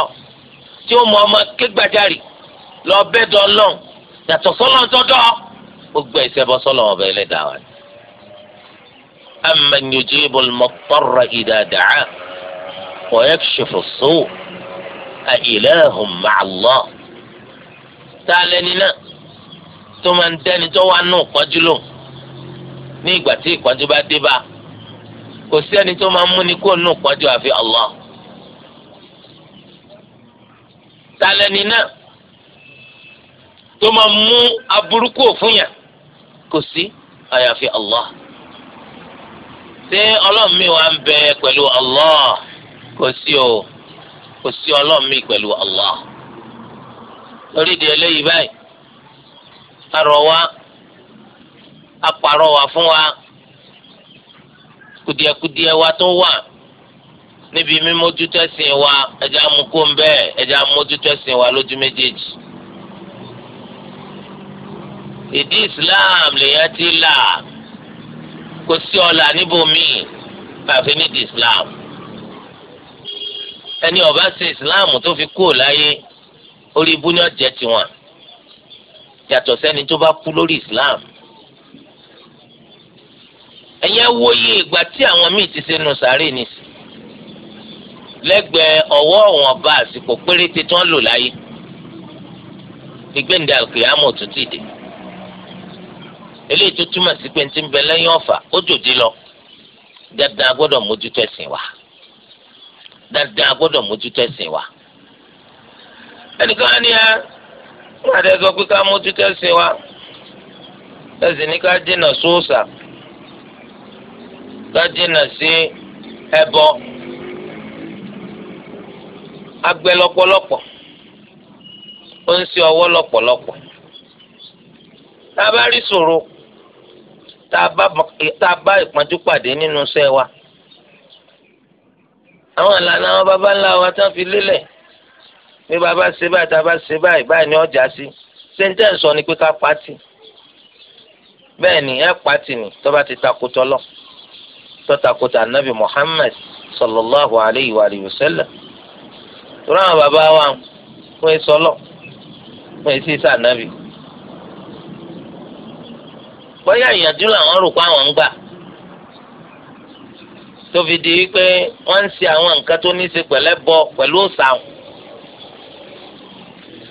tí ó mú ọmọ kégbàjarì lọ bẹ́ẹ̀dá ọlọ́run yàtọ̀ sọ́lọ́ ńtọ́dá gbogbo ìṣẹ́bọ sọ́lọ́ ọba ẹlẹ́dàá wa ni. أمن يجيب المضطر إذا دعاه ويكشف السوء أإله مع الله تعالى tó máa ń dẹ́ni tó wá nù kọjú lò ní ìgbà tí ìkọjú bá dé bá kò sí ẹni tó máa ń múni kó nù kọjú àfi Allah náà tó máa mú kò sí àyàfi ṣé mi ń bẹ pẹ̀lú Allah kò sí o kò sí ọlọ́run mi pẹ̀lú arọ wa apàrọ wa fún wa kùdìẹ̀kùdìẹ̀ wa tó wà níbi mímójútó ẹ̀sìn wa ẹ̀jẹ̀ amukó ń bẹ́ẹ̀ ẹ̀jẹ̀ amójútó ẹ̀sìn wa lójú méjèèjì. ìdí Islam lèyàn ti là kò sí ọ̀la níbòmíì bàfẹ́ nídìí Islam ẹni ó bá ṣe Islam tó fi kú láyé orí ibú ni ó tiwọn yàtọ̀ sẹ́ni tó bá kú lórí islam ẹ̀yẹ wo iye ìgbà tí àwọn míì ti sẹ́nu sàárè nìsí lẹ́gbẹ̀ẹ́ ọwọ́ ọ̀wọ́n bá àsìkò péréte tí wọ́n lò láyé ìgbéǹde àlùkìyàmọ̀ tó ti dé eléyìí tó túmọ̀ sí pé ti ń bẹ lẹ́yìn ọ̀fà ó jòdì lọ dandan agbọ́dọ̀ mójútó ẹ̀sìn wa dandan agbọ́dọ̀ mójútó ẹ̀sìn wa ẹnìkan á ẹ wọn àti ẹsọ pé ká mójú tẹsí wa tẹsí ní ká dènà sóòsà ká dènà sí ẹbọ agbẹ lọ́pọ̀lọpọ̀ ó ń ṣe ọwọ́ lọ́pọ̀lọpọ̀ tá a bá rí ṣòro tá a bá ìpọ́njú pàdé nínú iṣẹ́ wa àwọn ìlànà àwọn babańlá wa tán fi lélẹ̀ ní bàbá ṣe báyìí tá a bá ṣe báyìí báyìí ni ọjà sí ṣèǹtẹ̀ ń sọ ni pé ká pàtì bẹ́ẹ̀ ni ẹ pàtì ni tó ti takotọ́ lọ tó anabi Muhammad sallallahu alayhi wa sallam tóra àwọn bàbá wa fún ẹ sọlọ fún ẹ sí sá anabi bóyá ìyànjú làwọn rò pé àwọn ń gbà tó fi di wípé wọ́n ń ṣe àwọn nǹkan tó ní í ṣe pẹ̀lẹ́ bọ pẹ̀lú òsàwọn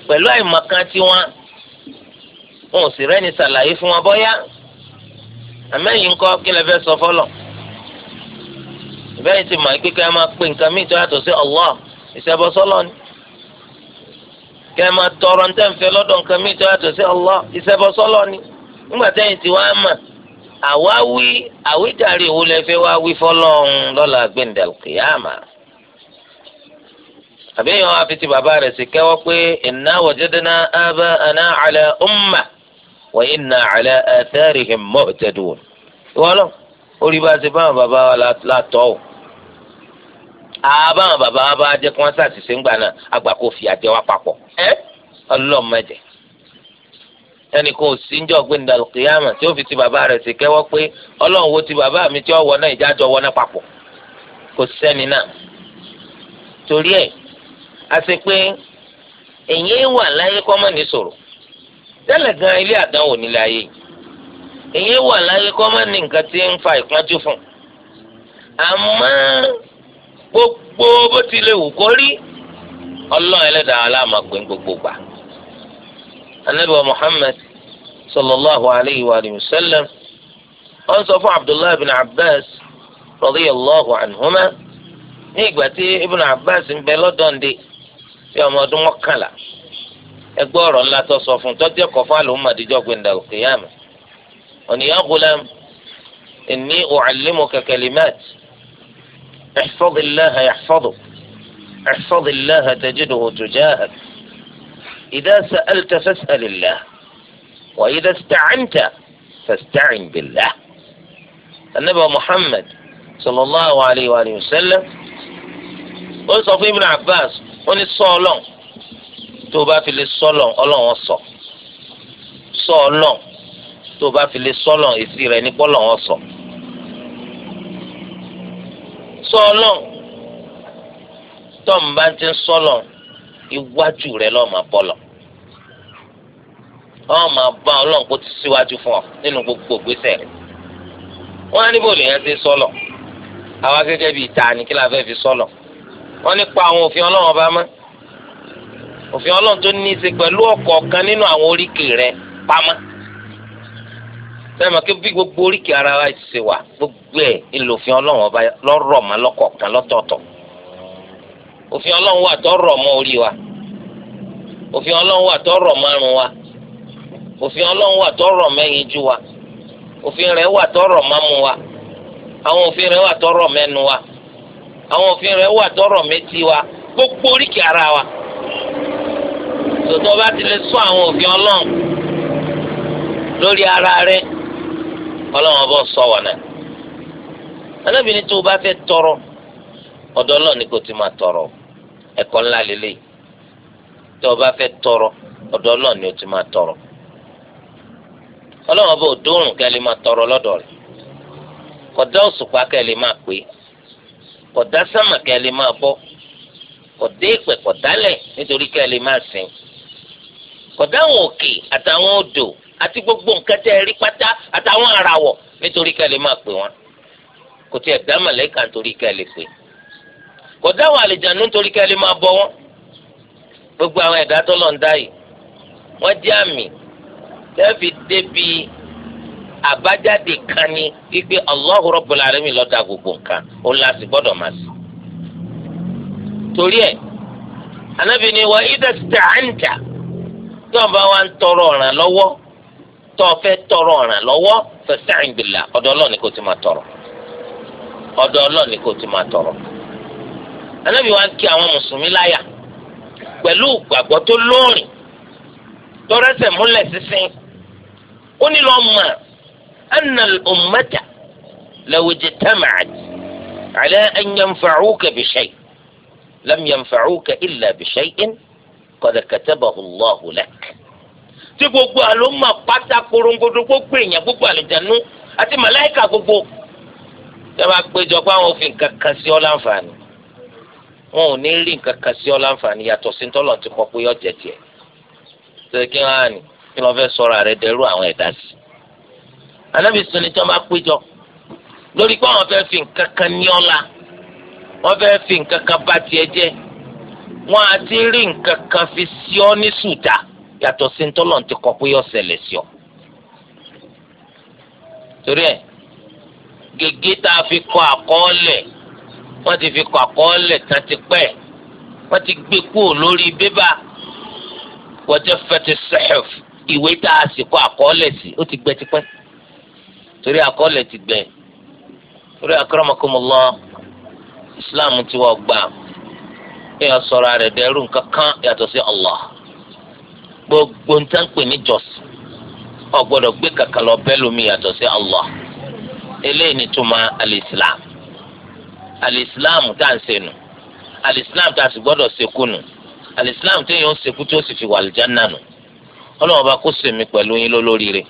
pẹ̀lú àìmọ̀kan tiwọn wọn ò sì rẹ́ni ṣàlàyé fún wọn bọ́yá àmẹ́yìn ńkọ́ kí lè fẹ́ sọ fọlọ́ ìbẹ́yìn ti mọ̀ pé kẹ́ máa pe nǹkan míì tó yàtọ̀ sí Allah ìṣẹ́bọ sọ́lọ́ ni kẹ́ ẹ máa tọrọ níta ìfẹ́ lọ́dọ̀ nǹkan míì tó yàtọ̀ sí Allah ìṣẹ́bọ sọ́lọ́ ni nígbà tẹ́yìn tí wàá mọ̀ àwa wí àwíjàre ìwúlẹ̀ fẹ́ wá wí fọlọ́ lọ́la gbẹ̀ndẹ̀l àbí èèyàn wá fi ti bàbá rẹ̀ sì kẹ́wọ́ pé inna wajadna aba'ana ala umma wa inna ala atharihim muhtadun. ìwọ lọ orí bá ti báwọn bàbá wa látọ̀ o àbáwọn bàbá wa bá jẹ́ kí wọ́n ṣàṣìṣe ńgbà náà àgbà kò fi àjẹ wa papọ̀ ẹ́ ọlọ́mọdé ẹnì kan ò sí njọ́ gbé tí ó fi ti bàbá rẹ̀ àti pé èyí wà láyé kọ́mọ̀ ní ṣòro tẹ́lẹ̀ gan ilé àdánwò nílé ayé èyí wà láyé kọ́mọ̀ nǹkan nfa ń fa ìpọ́njú fún àmọ́ gbogbo bó ti lè wù kó rí ọlọ́run ẹlẹ́dàá aláàmà pé gbogbo gbà anabi wa muhammed sallallahu alayhi wa sallam wọ́n sọ fún abdullahi bin abbas radiyallahu anhuma ní ìgbà tí ibn abbas ń bẹ bí ọmọ ọdún mọ́kànlá ẹgbẹ́ ọ̀rọ̀ ńlá tó sọ fún tọ́jú ẹ̀kọ́ fún àlùmọ́ àdìjọ́ gbẹ̀ndà òkè yá mi ònìyàn gulam inni u'allimuka kalimat ihfazillaha yahfazuk ihfazillaha tajidhu tujahak idha sa'alta fas'alillah wa idha ista'anta fasta'in billah anabi muhammad sallallahu alayhi wa sallam ó sọ fún ibn abbas ó ní sọ ọlọ́run tó o bá fi lè sọ ọlọ́run ọlọ́run sọ sọ ọlọ́run tó o bá fi lè sọ ọlọ́run èsì rẹ̀ ní pọ́lọ́run sọ sọ ọlọ́run tọ́m bá ti ń sọ ọlọ́run iwájú rẹ̀ lọ́ọ́ máa bọ́ lọ wọ́n máa bá ọlọ́run kó ti síwájú fún ọ nínú gbogbo ìgbésẹ̀ rẹ̀ wọ́n á níbo lèèyàn ti sọ ọlọ́run àwa gẹ́gẹ́ bíi ìta ni kí la fẹ́ fi sọ ọlọ́run. wọ́n pa àwọn òfin ọlọ́run ọba mọ́ òfin ọlọ́run tó ní í ṣe pẹ̀lú kan nínú àwọn oríkèé rẹ̀ pamọ́ sẹ́mi kí bí gbogbo ara wa ṣe gbogbo ẹ̀ ìlòfin ọba lọrọ mọ lọtọọtọ. òfin ọlọ́run wà tó rọ̀ mọ orí wa òfin wà tó wa òfin wà tó wa òfin wà tó wa àwọn òfin wà tó wa. àwọn òfin rẹ̀ wà tọrọ méjì wa gbogbo oríkì ara wa tòtò bá ti lè sọ àwọn òfin ọlọ́run lórí ara rẹ̀ ọlọ́run ọbọ̀ sọ wọ̀nà anábìnrin tó o bá fẹ́ tọrọ ọ̀dọ̀ ọlọ́run ni kò ti máa tọrọ ẹ̀kọ́ ńlá lélẹ̀ tó o bá fẹ́ tọrọ ọ̀dọ̀ ọlọ́run ni o ti máa tọrọ ọlọ́run ọbọ̀ òdòrùn kẹ́ lè máa tọrọ lọ́dọ̀ rẹ̀ kọ̀dọ̀ òṣùpá kẹ́ máa pè é kọ̀dá sánmà kẹ́ ẹ lè máa bọ́ kọ̀dá ìpẹ́ kọ̀dálẹ̀ nítorí kẹ́ ẹ lè máa sìn kọ̀dá àwọn òkè àtàwọn odò àti gbogbo nǹkan tẹ́ ẹ rí pátá àtàwọn àràwọ̀ nítorí kẹ́ ẹ lè máa pè wọ́n kò tiẹ̀ dá màlẹ́kà nítorí kẹ́ ẹ lè pè kọ̀dá àwọn àlejànú nítorí kẹ́ ẹ lè máa bọ́ wọ́n gbogbo àwọn ẹ̀dá tó lọ́n dá yìí wọ́n jẹ́ àmì tẹ́ẹ̀fì débi àbájáde kan ni wípé Allahu Rabbul Alamin ló dá gbogbo nǹkan ó láti gbọ́dọ̀ máa sí. torí ẹ̀ anábì ni wà ídà sta'anta tí wọ́n bá wá ń tọrọ ọ̀ràn lọ́wọ́ tó o fẹ́ tọrọ ọ̀ràn lọ́wọ́ fasta'in billah ọ̀dọ̀ Ọlọ́run ni kó ti máa tọrọ ọ̀dọ̀ Ọlọ́run ni kó ti máa tọrọ. anábì wa kí àwọn mùsùlùmí láyà pẹ̀lú ìgbàgbọ́ tó lóòrìn tọ́rẹ́sẹ̀ múlẹ̀ sísìn ó ní lọ́ọ́ mọ̀ أن الأمة لو اجتمعت على أن ينفعوك بشيء لم ينفعوك إلا بشيء قد كتبه الله لك gbogbo àlòmọ pátá korongodo gbogbo èèyàn gbogbo àti gbogbo péjọ pé àwọn òfin kankan sí ọ láǹfààní wọn ò ní rí sí ọ láǹfààní yàtọ̀ sí ti kọ́ pé anábì sọ ni tí wọ́n bá péjọ lórí pé àwọn fẹ́ fi nǹkan kan ní ọlá wọ́n fẹ́ fi nǹkan kan bá tiẹ̀ jẹ́ wọ́n á ti rí nǹkan kan fi sí ọ ní sùdà yàtọ̀ sí ntọ́lọ̀ ti kọ pé ọ̀sẹ̀lẹ̀ sí ọ. torí ẹ̀ gègé tá a fi kọ àkọọ́lẹ̀ wọ́n ti fi kọ àkọọ́lẹ̀ tán ti pẹ́ wọ́n ti gbé kúrò lórí bébà wọ́n ti fẹ́ ti sẹ́hẹ̀f ìwé tá a sì kọ àkọọ́lẹ̀ sí ó ti gbẹ tipẹ́. Si torí àkọọ́lẹ̀ ti gbẹ torí akramakumullah islam ti wọ gbà èèyàn sọrọ rẹ̀ dẹrù nǹkankan yàtọ̀ sí allah gbogbo nǹkan ní jọ́sìn ó gbé kàkà lọ bẹ́ẹ̀ lómi yàtọ̀ sí allah eléyìí ni túmọ̀ alìsílám alìsílám tá à ń sẹ́nu alìsílám tá a sì gbọ́dọ̀ alìsílám tó sì fi wà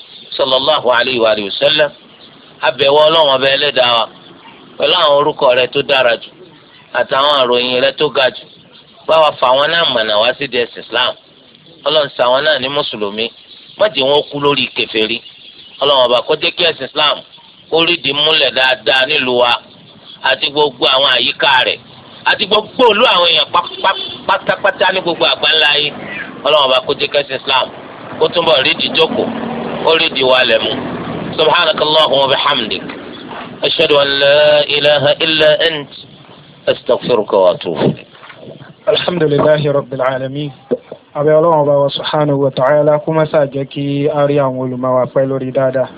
sallallahu alayhi wa sallam abẹ̀wò ọlọ́wọ́n ọbẹ̀ ẹlẹ́dàá wa pẹ̀lú àwọn orúkọ rẹ tó dára jù àtàwọn àròyìn rẹ tó ga jù báwa fà wọn náà mọ̀nà wá sí dẹ́sí islam ọlọ́run ṣà wọn náà ní mùsùlùmí má jẹ́ wọn kú lórí kèfèrí ọlọ́run ọba kó jẹ́ kí ẹ̀sìn islam kó rí di múlẹ̀ dáadáa nílùú wa àti gbogbo àwọn àyíká rẹ̀ àti gbogbo olú àwọn èèyàn pátápátá ní gbogbo àgbáńlá yìí ọlọ́run ọba kó jẹ́ kí ẹ̀sìn islam kó túnbọ̀ rí di jókòó orí di wa lẹ̀ mú subhanaka allahumma wa bihamdik ashhadu an la ilaha illa ant astaghfiruka wa atubu ilayk. alhamdulillahi rabbil alamin abẹ́ ọlọ́run ọba wa subhanahu wa ta'ala kó má ṣáà jẹ́ kí a rí àwọn olùmọ̀wá pẹ́ lórí dáadáa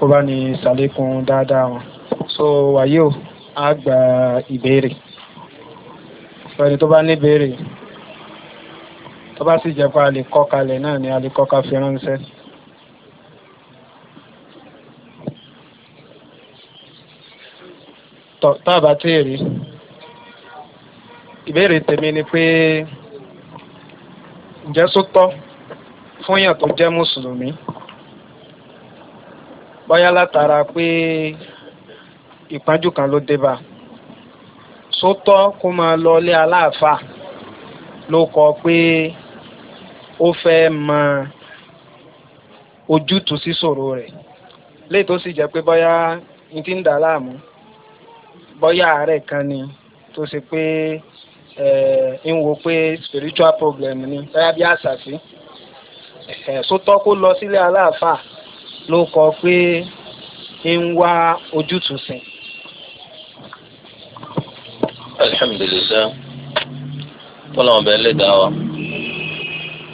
kó bá ní ṣàlékún dáadáa wọn. so wàyí o a gba ìbéèrè fẹ́ni tó bá ní ìbéèrè tó bá sì jẹ́ pé a lè kọ́ kalẹ̀ náà ni a lè kọ́ ka fi ránṣẹ́. tọ́ tá a bá tẹ́ rí ìbéèrè tèmi ni pé ǹjẹ́ sótọ́ fún yàn tó jẹ́ mùsùlùmí bóyá látara pé ìpájú kan ló dé bá sótọ́ kó máa lọ ilé aláàfáà ló kọ pé ó fẹ́ mọ ojútùú sí ṣòro rẹ̀ léyìí tó sì jẹ́ pé bóyá n ti ń dà láàmú bóyá àárẹ̀ kan ni tó ṣe pé ń wo pé spiritual problem ni bóyá bí àṣàṣì sótọ́ kó lọ sílé aláàfáà ló kọ pé ń wá ojútùú sí. alhamdulilayi kọ́lá wọn bẹ lè dá wa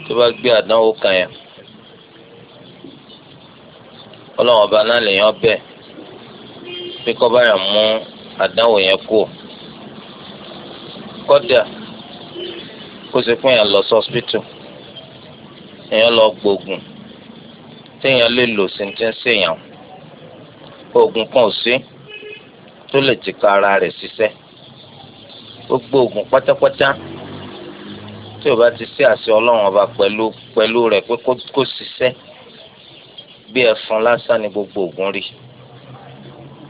tó bá gbé àdánwò kan yẹn ọlọ́wọ́n ọba náà lèèyàn bẹ̀ pé kọ́ bá yàn mú àdánwò yẹn kú kódà kó ṣe fún yẹn lọ sọ́spítù èèyàn lọ gbóògùn téèyàn lè lò sí ti ń ṣèyàn oògùn kan ò sí tó lè ti ka ara rẹ̀ ṣiṣẹ́ gbogbo oògùn pátápátá tí o bá ti ṣe àṣẹ ọlọ́run ọba pẹ̀lú pẹ̀lú rẹ̀ pé kó ṣiṣẹ́ bí ẹ̀fọn lásán ni gbogbo oògùn rí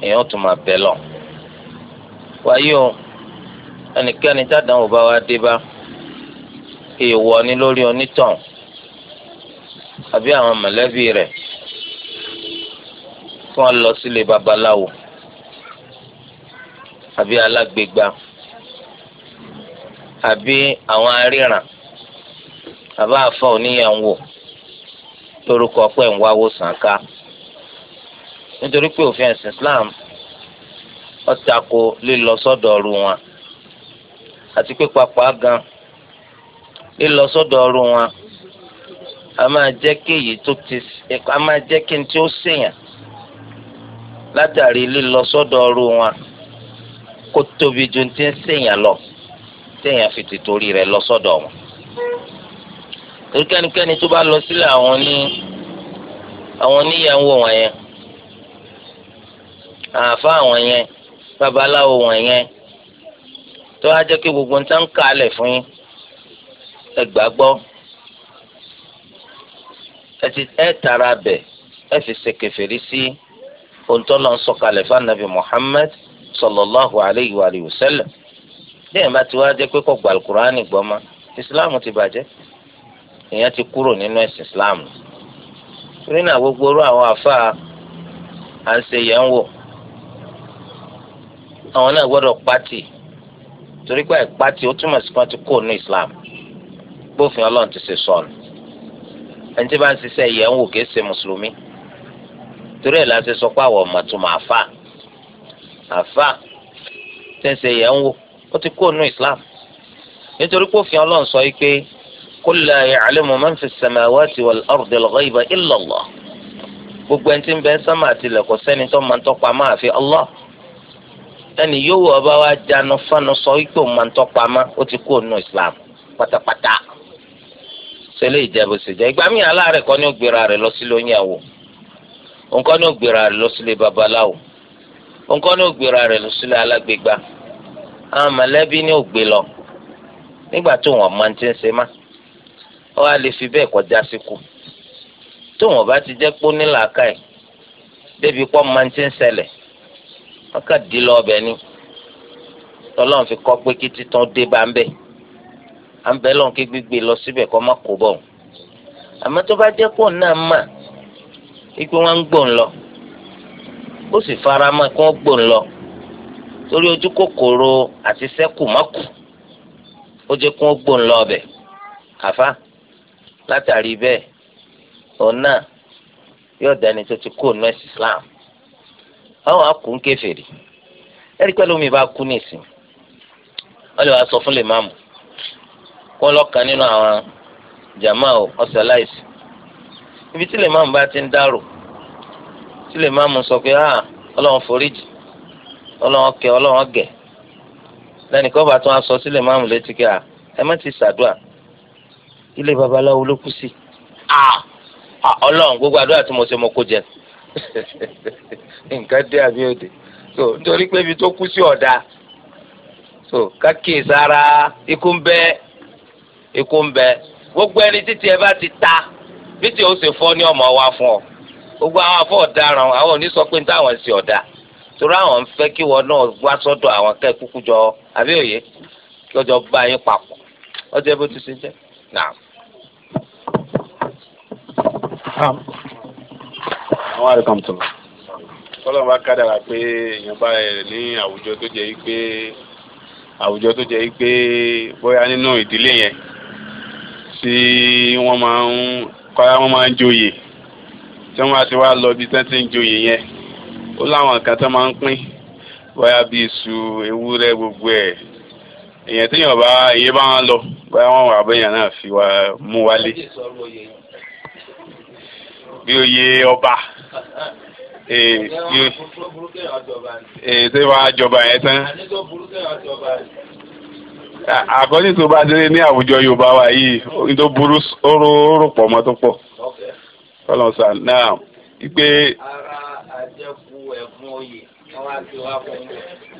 èèyàn tún máa bẹ̀ lọ wàyí o ẹnikẹ́ni tádàn ò bá wa dé bá èèwọ̀ ni lórí onítàn àbí àwọn mọ̀lẹ́bí rẹ̀ kí wọ́n lọ sílé babaláwo àbí alágbègbà àbí àwọn aríran àbá àfọ oníyàwó lórúkọ pé ń wáwó sànká nítorí pé òfin ẹ̀sìn Islam ọ̀tàkò lílọ sọ́dọ̀ ọ̀rù wọn àti pé pàápàá gan lílọ sọ́dọ̀ ọ̀rù wọn a máa jẹ́ kí èyí tó ti a máa jẹ́ kí n tí ó ṣèyàn látàrí lílọ sọ́dọ̀ ọ̀rù wọn kó tóbi ju ti ń ṣèyàn lọ téèyàn fi ti torí rẹ̀ lọ sọ́dọ̀ wọn torí kẹ́nikẹ́ni tó bá lọ sílẹ̀ àwọn ní àwọn oníyàwó wọn yẹn àáfà àwọn yẹn babaláwo wọ̀nyẹn tó wá jẹ́ kí gbogbo nǹkan ń kalẹ̀ fún yín ẹ gbàgbọ́ ẹ tara bẹ̀ ẹ fi ṣe kèfèrí sí ohun tó lọ ń sọ̀kalẹ̀ fún anabi Muhammad sallallahu alayhi wa sallam lẹ́yìn bá ti wá jẹ́ pé kò gba alukur'ani gbọ́ ma islam ti bàjẹ́ èèyàn ti kúrò nínú ẹ̀sìn islam torí náà gbogbo orú àwọn àfa à ń ṣe yẹn ń wò àwọn náà gbọ́dọ̀ pátì torí pé àìpátì ó túmọ̀ sí kan ti kó ní Islam gbófin ọlọ́run ti ṣe sọnù ẹni tí bá ń ṣiṣẹ́ ìyẹn ń wò kìí ṣe mùsùlùmí torí ẹ̀ la ṣe sọ pé àwọn ọmọ túmọ̀ àfà àfà tí ń ṣe ìyẹn ń wò ó ti kó ní Islam nítorí gbófin ọlọ́run sọ yìí pé qul la ya'lamu man fi as-samawati wal-ardi al-ghayba gbogbo ẹni tí ń bẹ sánmà àti sẹ́ni tó máa ń tọ́pa máa fi Allah. ẹni yóò wọ ọba wa jánu sọ wípé òun máa ń tọpa ti kú islam pátápátá sẹlẹ ìjẹbù ṣèjẹ ìgbà míì aláàrẹ kọ ní ó gbéra lọ sílé oyin àwò nǹkan ni ó gbéra lọ sílé babaláwo nǹkan ni ó gbéra lọ sílé alágbègbà àwọn lọ nígbà ti ń má wá lè fi kọjá sí kù tó wọn bá ti débi máa wọ́n kà dí lọ ọbẹ̀ ni tọ́lọ́n fi kọ́ pé kí títàn dé bá ń bẹ̀ à ń bẹ̀ lọ́n kí gbígbé lọ síbẹ̀ kọ́ má kó bọ̀ àmọ́ tó bá jẹ́ pọ̀ náà mà wípé wọ́n ń gbòòn lọ ó sì fara mọ́ kí wọ́n gbòòn lọ torí ojú kòkòrò àti sẹ́kù mọ́kù ó jẹ́ kí wọ́n gbòòn lọ ọbẹ̀ àfa látàrí bẹ́ẹ̀ òun náà yóò dání tó ti kó nọ́ọ̀sì Islam. àwọn akùn nke ẹ̀rí pẹ́ lómi bá kú nísìn wọ́n lè wá sọ fún lè máàmù kó lọ́kàn nínú àwọn ibi tí lè máàmù bá ti ń dárò tí lè máàmù sọ pé ah ọlọ́run foríjì ọlọ́run kẹ ọlọ́run asọ lẹ́nu kọ́ bá tún aṣọ sí lè máàmù létí kí ah, ẹ má ah, ah, gbogbo àdúrà tí mo ṣe *laughs* nǹkan dé àbí òde so nítorí pé ibi tó kú sí ọ̀dà so kákìí sára ikú ń bẹ ikú ń bẹ ẹni títí ẹ bá ti ta biti o ṣe ní ọmọ wa fún ọ gbogbo àwọn afọ ọ̀daràn àwọn òní sọ pé táwọn ń ṣe torí àwọn ń kí wọn náà wá àwọn àwọn àrùkàn tó. ọlọ́run bá kádàrà pé èèyàn bá rẹ̀ ní àwùjọ tó jẹ́ pé àwùjọ tó jẹ́ pé bóyá nínú ìdílé yẹn tí wọ́n máa ń kọ́ra wọ́n máa ń joyè tí wọ́n bá ti wá lọ bí tán ti ń joyè yẹn ó láwọn nǹkan tó máa ń pín bóyá bíi iṣu ewúrẹ́ gbogbo ẹ̀ èèyàn téèyàn bá èèyàn bá wọn lọ bóyá wọn wà bẹ́yàn náà fi wá mú wálé bí oyè ọba Eh, eh, ṣé wàá jọba yẹn tán àkọ́jú tó bá délé ní àwùjọ Yorùbá wa yìí ní burú ó rò pọ̀ mọ́ pọ̀ náà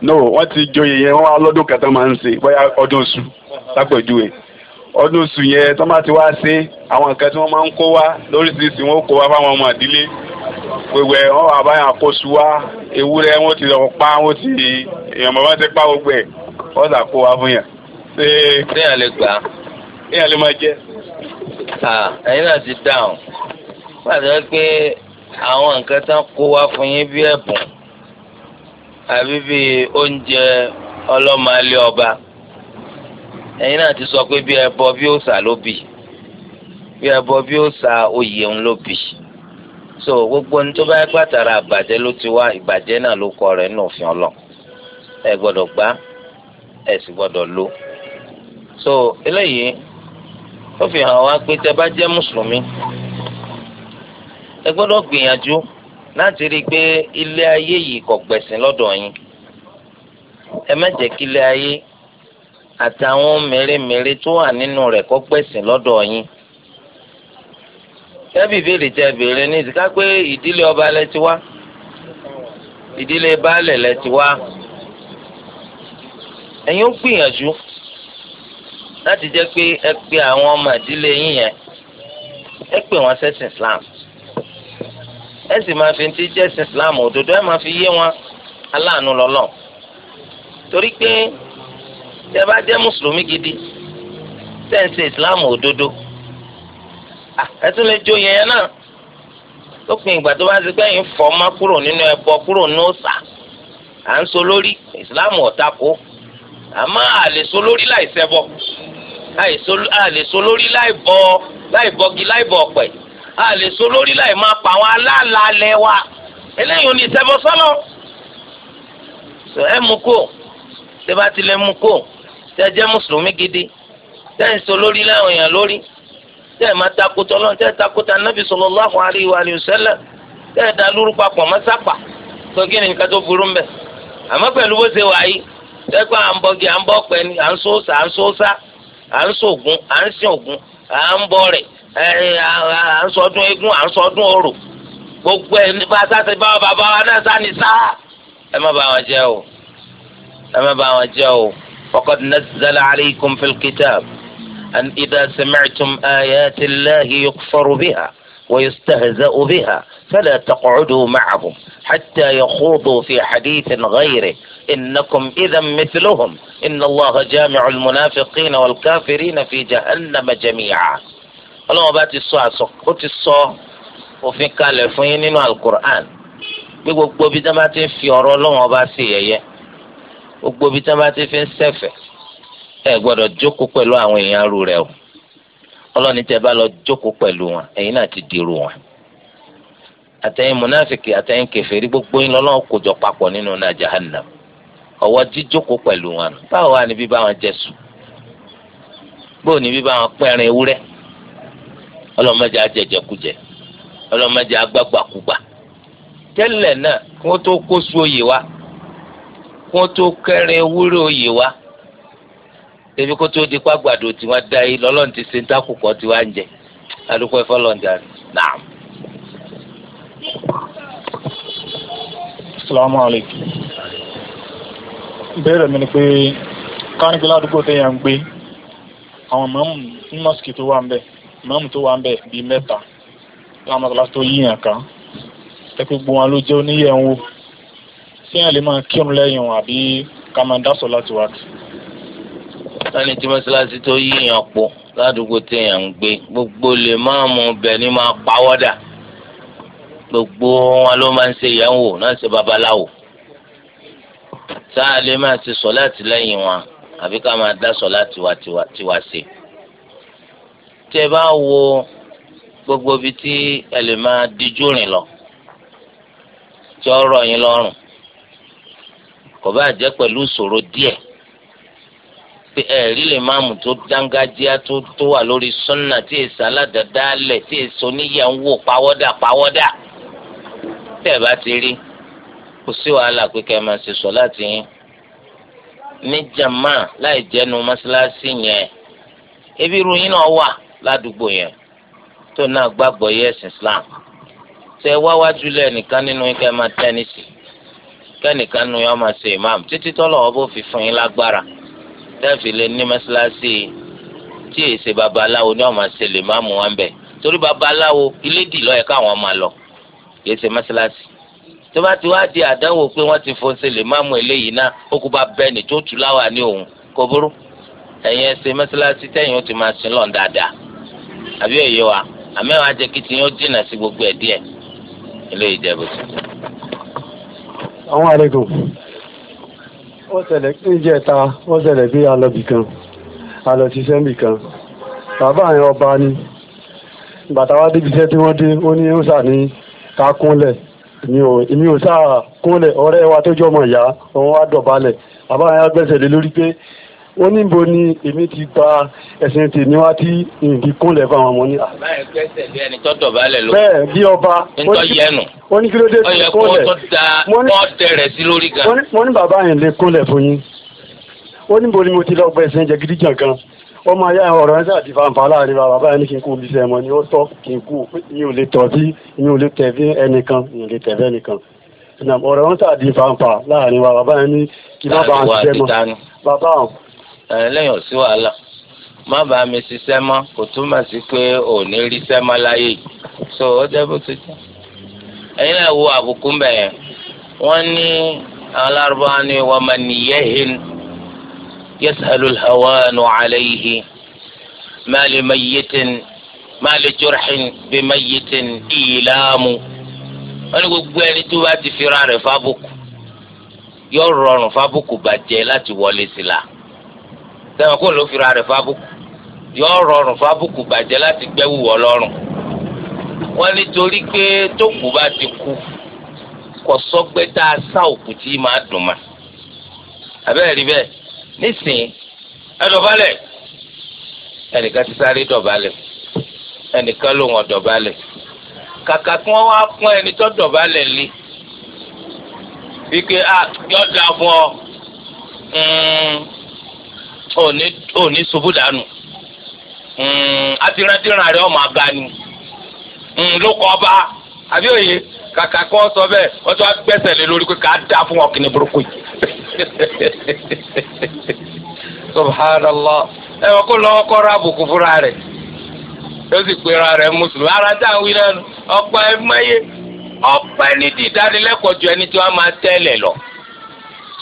no ti yẹn kẹta máa ń bóyá ọdún ọdún oṣù yẹn tó máa ti wá sí àwọn nǹkan tí wọ́n máa ń kó wá lóríṣiríṣi wọn ó kó wá fáwọn ọmọ àdílé gbogbo ẹ̀ wọ́n wà báyà kóṣù wá ewúrẹ́ wọ́n ti lọ pa wọ́n ti èèyàn bàbá ti pa gbogbo ẹ̀ wọ́n sà kó wá fún yàn. ṣé èèyàn lè gbà á. èèyàn lè máa jẹ. ẹ̀yin náà ti dáhùn pàṣẹ pé àwọn nǹkan tán kó wá fún yín bí ẹ̀bùn àbí bí oúnjẹ ọlọ́mọ ọba ẹ̀yin náà ti sọ pé bí ẹbọ bí òòṣà ló bì bí ẹbọ bí òòṣà oyè ń ló bì so gbogbo ní tó bá gbàtàrà àbàjẹ́ ló ti wá ìbàjẹ́ náà ló kọ rẹ̀ nínú òfin ọlọ ẹ gbọ́dọ̀ gbá ẹ sì gbọ́dọ̀ lò so eléyìí ó fi hàn wá pé tẹ́ bá jẹ́ mùsùlùmí ẹ gbọ́dọ̀ gbìyànjú láti rí i pé ilé ayé yìí kò gbẹ̀sìn lọ́dọ̀ yín ẹ má jẹ́ kí ilé ayé àtàwọn mèremère tó wà nínú rẹ̀ kó gbẹ̀sìn lọ́dọ̀ yín. tẹ́bí ìbéèrè tẹ béèrè ní ìsìká pé ìdílé ọba lẹ ti wá ìdílé baálẹ̀ lẹ ti wá ẹ̀yin ó gbìyànjú láti jẹ́ pé ẹ pe àwọn ọmọ ìdílé yín yẹn ẹ pè wọ́n sẹ́sìn Islam ẹ sì máa fi ti jẹ́sìn Islam òdodo ẹ máa fi yé wọn aláàánú lọ́lọ́ torí pé tẹ́ bá jẹ́ mùsùlùmí gidi tẹ́ ń ṣe ìsìláàmù òdodo ẹ tún lè jó yẹn náà lópin ìgbà tó bá ti pẹ́ yín fọ́ ọmọ kúrò nínú ẹbọ kúrò ní òòṣà à ń so lórí ìsìláàmù ọ̀tá kó àmọ́ àlè so lórí láì ṣẹbọ àlè so lórí láì bọ láì bọgi láì bọ ọ̀pẹ àlè so lórí láì máa pa àwọn aláàlálẹ̀ wa eléyìí ò ní ṣẹbọ sọ́nà ẹ mú kó tẹ́ bá ti lè mú kó. tẹ́ jẹ́ mùsùlùmí gidi tẹ́ ń sọ lórí láwọn èèyàn lórí tẹ́ ẹ̀ máa takotọ́ lọ́n tẹ́ ẹ̀ takotọ́ anábì sallallahu alaihi wa sallam tẹ́ ẹ̀ da lóru papọ̀ mọ́sápà sọ kí ni nǹkan tó burú ń bó ṣe wà yìí à ń gbogbo sáṣẹ bàbá wa náà sá ni sá ẹ o. وقد نزل عليكم في الكتاب أن إذا سمعتم آيات الله يكفر بها ويستهزأ بها فلا تقعدوا معهم حتى يخوضوا في حديث غيره إنكم إذا مثلهم إن الله جامع المنافقين والكافرين في جهنم جميعا ولو بات ti سقط àsọ وفي كالفين القرآن بيقول بيدا ما yín nínú alukur'an gbogbo ibi tí wọ́n bá ti fi ń ṣẹ̀fẹ̀ ẹ gbọ́dọ̀ jókòó pẹ̀lú àwọn èèyàn arú rẹ o ọlọ́ni tẹ́ bá lọ jókòó pẹ̀lú wọn ẹ̀yin náà ti dìrò wọn àtẹ̀yin mùnáfìkì àtẹ̀yin kèfèrí gbogbo yín lọ́lọ́run kó jọ papọ̀ nínú náà jahannam ọwọ́ jíjókòó pẹ̀lú wọn báwo wà ní bí báwọn jẹ̀sùn bóò ní bí báwọn pẹ́rin ewúrẹ́ ọlọ́mọdé ajẹjẹkújẹ ọlọ́mọdé agbágbàkúgbà tẹ́lẹ̀ náà kí wọ́n tó kó sóòyè wa kó tó kẹrin wúrò yìí wá ebi kó tó di pàgbàdo tí wọn da yìí lọ́lọ́run ti ṣe ń dákùkọ jẹ alùpùpù ẹfọ náà. salaamu aleykum ìbéèrè mi ni pé kánikí ládùúgbò téèyàn ń gbé àwọn mọ́mù ní mọ́sìkì tó wà ń bẹ̀ mọ́mù tó wà ń bẹ̀ bíi mẹ́ta láwọn mọ́sálásí tó yíyàn kan ẹ pé gbogbo ló jẹ́ oníyẹ̀ ń wò ṣé àlè máa kírun lẹ́yìn wọn àbí ká máa dá sọ̀láàtì wá kí. sani tí mọ́ṣáláṣí tó yíyan po ládùúgbò téèyàn ń gbé gbogbo lè máa mú bẹ̀ ni máa pawọ́dà gbogbo wọn ló máa ń ṣe ìyẹ̀wò náà ṣe babaláwo sáà lè máa ṣe sọ̀láàtì lẹ́yìn wọn àbí ká máa dá sọ̀láàtì wa tiwa ṣe. tẹ bá wo gbogbo ibi tí ẹ lè máa dijú rìn lọ tí ọ̀rọ̀ yín lọ́rùn kò bá jẹ́ pẹ̀lú ìṣòro díẹ̀ pé ẹ̀rí lè máa mú tó dángájíá tó tó wà lórí sọ́nà tí èsì aládàádáálẹ̀ tí èsì oníyẹ̀ ń wò pawọ́dà pawọ́dà tẹ́ ẹ bá ti rí kò sí wàhálà pé kẹ́ ẹ máa ṣe sọ láti yín ní jàmá láì jẹ́nu mọ́ṣáláṣí yẹn ebi irú yín náà wà ládùúgbò yẹn tó náà gbàgbọ́ yẹ́ ẹ̀sìn Islam tẹ́ wá wájú lẹ́ẹ̀nìkan nínú yín kẹ́ máa tẹ́ ní sí i kẹ́nìkan nu yọ máa ṣe imam títí tọ́lọ̀ ọ bó fi fún yín lágbára tẹ́ẹ̀fì lè ní mẹ́sálásí tí èsè babaláwo ni wọ́n máa ṣe lè máàmù wọn bẹ̀ torí babaláwo ilé dìlọ́ yẹ káwọn máa lọ kì í tó bá ti wá di àdánwò pé wọ́n ti fún ṣe lè máàmù eléyìí náà ó kú bá bẹ́ẹ̀nì tó tù láwà ní òun kò burú ẹ̀yin ẹ ṣe mẹ́sálásí tẹ́yìn ó ti máa sin lọ́n dáadáa àbí òye wa àmẹ́wàá jẹ́ kí ti yín ó dènà sí gbogbo ẹ̀ díẹ̀ eléyìí jẹ́ bó ti jẹ́ àwọn àlejò ó ṣẹlẹ̀ níjẹ́ ẹ̀ta ó ṣẹlẹ̀ bí alọ́bì kan alọ́ṣiṣẹ́ níbì kan bàbá yẹn ọba ni bàtà wa débi iṣẹ́ tí wọ́n dé ó ní ó sà ká kúnlẹ̀ èmi ò sà kúnlẹ̀ ọ̀rẹ́ wa tó jọmọ ìyá òun wá dọ̀bálẹ̀ bàbá yẹn á lé lórí pé wọ́n ní bo ni èmi ti pa ẹ̀sìn tèmi wá tí nǹkan kúnlẹ̀ fún àwọn ọmọ ní. báyìí kẹsẹ̀ bí ẹni tó dọ̀bálẹ̀ ló. bẹ́ẹ̀ bí ọba. ntọ́ yẹnu. wọ́n ní kí ló dé tó kúnlẹ̀. ọyọ kó tó da ọ̀ọ́dẹ rẹ̀ sí lórí gan. wọ́n ní bàbá yẹn lè kúnlẹ̀ fún yín. wọ́n ní bo ni mo ti lọ gba ẹ̀sìn jẹ gidi jàn gan. ọmọ ayá ọ̀rọ̀ ẹ̀ sáà ti fa nfa láàrin bàbá yẹn ní kí n kú bí sẹ́ẹ̀ mọ́ ni ó tọ́ kí n kú mi ò lè tọ́ sí mi ò lè tẹ̀ ọ̀rọ̀ wọn sáà di fanfa láàrin wa bàbá yẹn ní kí má bàa ń mọ́ bàbá ẹlẹ́yìn eh, ò sí wàhálà má bàa mi ṣiṣẹ́ mọ́ kò túmọ̀ sí pé ò ní rí iṣẹ́ mọ́ láyé yìí so ó jẹ́ bó ti jẹ́ ẹ̀yin náà wo àbùkù mbẹ̀ yẹn wọ́n ní alárúbá ni wọ́n máa nìyẹ́ hin yẹ́sàlù hawanu alayhi má lè má yẹ́tìn má lè jọ́rọ̀hìn bí má yẹ́tìn ìlàmù wọ́n ní gbogbo ẹni tó bá ti fira rẹ̀ fábùkù yóò rọrùn fábùkù bàjẹ́ láti wọlé sí la sẹ́wọ̀n kó ló fira rẹ̀ fábùkù yọ rọrùn fábùkù bàjẹ́ láti gbẹ́wù ọlọ́run wọ́n nítorí pé tókù bá ti kú kò sọ́gbẹ́ tá a sá òkú tí máa dùn mà abẹ́rẹ́ rí bẹ́ẹ̀ nísìnyí ẹ dọ̀bálẹ̀ ẹnìkan ti sáré dọ̀bálẹ̀ ẹnìkan ló wọn dọ̀bálẹ̀ kàkà kí wọ́n wá pọ́n ẹni tó dọ̀bálẹ̀ lé wípé a yọ̀ dà fún ọ. Hmm. òní òní ṣubú dànù mm, atirantiran rẹ ọmọ aga ni mm, ló ọba àbí òye kàkà sọ lé lórí pé dá fún ọkìnrin burúkú yìí *laughs* subhanallah ẹ wọ́n kó lọ́wọ́ kọ́ ra pera rẹ̀ mùsùlùmí ara tá à ń wí náà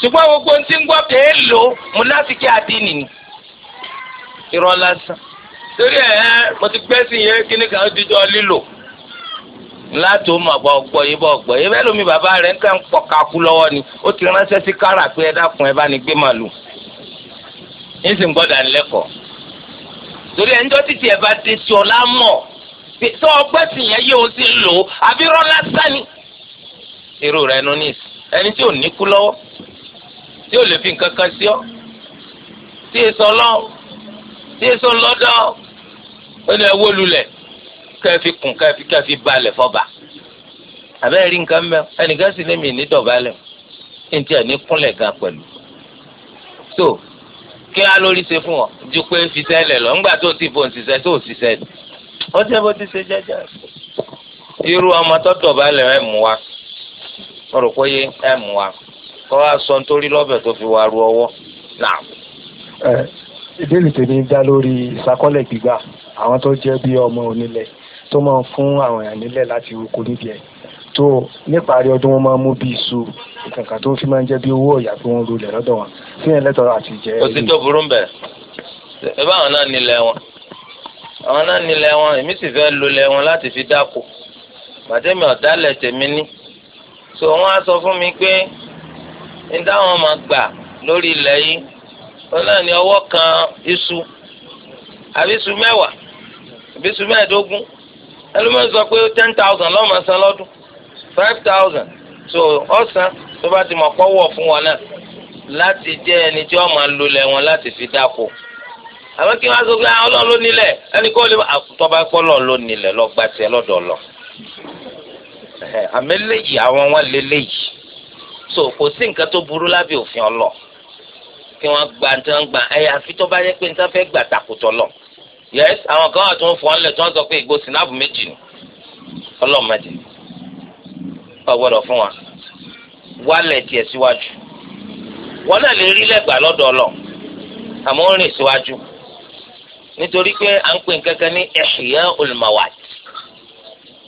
ṣùgbọ́n gbogbo ohun tí ń gbọ́ pé èèlò mo láti kí àdínì ni irọ́ lásán torí ẹ̀ mo ti gbẹ́ sí yẹn kíní kan dídọ́ lílò láti ó mọ̀ bọ́ gbọ́ yìí bọ́ gbọ́ yìí bẹ́ẹ̀ lómi bàbá rẹ̀ ń kàn pọ̀ kakú lọ́wọ́ ni ó ti ránṣẹ́ sí kárà pé ẹ dákun ẹ bá ní gbé màlúù ń sì ń gbọ́dọ̀ nílẹ́kọ̀ọ́ torí ẹ̀ ń jọ́ títí ẹ bá dé sí ọ lámọ̀ tó ọgbẹ́ sì yẹn yóò tí ò lè fi nǹkan kan sí ọ tí èso ọlọ́run tí èso ńlọ́dọ̀ ó ní ẹwọ́ lulẹ̀ kẹfì kùn kẹfì kẹfì balẹ̀ fọba àbẹ́rẹ́ rí nǹkan mẹ́ ẹnìkan sì ní mi ní dọ̀bálẹ̀ ní tiẹ̀ ní kúnlẹ̀ gan pẹ̀lú so kí á lórí ṣe fún ọ ju pé fisẹ́ lẹ̀ lọ ńgbà tó ti fò ń ṣiṣẹ́ tó ṣiṣẹ́ ni ó jẹ́ bó ti ṣe jẹ́jẹ́ irú ọmọ tó dọ̀bálẹ̀ ẹ̀ mú wa mo rò pé ẹ̀ mú wa kọ́ wa sọ nítorí lọ́bẹ̀ tó fi wá ru ọwọ́ náà. ẹ ìbéèrè tèmi dá lórí ìṣàkọọ́lẹ̀ gbígbà àwọn tó jẹ́ bí ọmọ onílẹ̀ tó máa ń fún àwọn èèyàn nílẹ̀ láti roko níbi ẹ̀ tó níparí ọdún wọn máa ń mú bí iṣu kankan tó fi máa ń jẹ́ bí owó ọ̀yà pé wọ́n lulẹ̀ lọ́dọ̀ wọn sí ẹ̀ lẹ́tọ̀ọ́ àti jẹ́. kò sí tó burú bẹ̀ ẹ bá àwọn náà nílẹ̀ wọn àwọn náà nílẹ̀ wọn èmi sì fẹ́ lulẹ̀ wọn láti fi dáko màtẹ́mi ọ̀dálẹ̀ tèmi ní so wọ́n á sọ fún mi pé ní táwọn máa gbà lórí ilẹ̀ yìí wọn náà ní ọwọ́ kan iṣu àbí iṣu mẹ́wàá àbí iṣu mẹ́ẹ̀ẹ́dógún ẹlòmíràn sọ pé ten thousand lọ́mọ san lọ́dún five thousand so ọ̀sán tó bá ti mọ̀ pọ́wọ́ fún wọn náà láti jẹ́ ẹni tí wọ́n máa lulẹ̀ wọn láti fi dáko àmọ́ kí wọ́n á sọ pé ah, ọlọ́run ló nílẹ̀ ẹni kó lè àkùtọ́ ah, bá pọ́ lọ́ọ̀ ló nílẹ̀ lọ́gbàtì ẹ lọ́dọ̀ lọ àmì léyìí àwọn wọn lé léyìí so kò sí nǹkan tó burú lábẹ́ òfin ọlọ kí wọ́n gba tí wọ́n gba ẹ̀yà àfi tó bá yẹ pé níta fẹ́ gbà takùtọ̀ lọ. yẹ́s àwọn kan wà tó ń fọ́ ọ́n lẹ̀ tí wọ́n sọ pé ìgò sinapu méjì ni ọlọ́mọdé ọgbọ́dọ̀ fún wa wálẹ̀ tiẹ̀ síwájú wọn náà lè rí lẹ́gbàá lọ́dọ̀ ọlọ àmọ́ ó rìn síwájú nítorí pé à ń pè nǹkan kan ní ihya ul mawat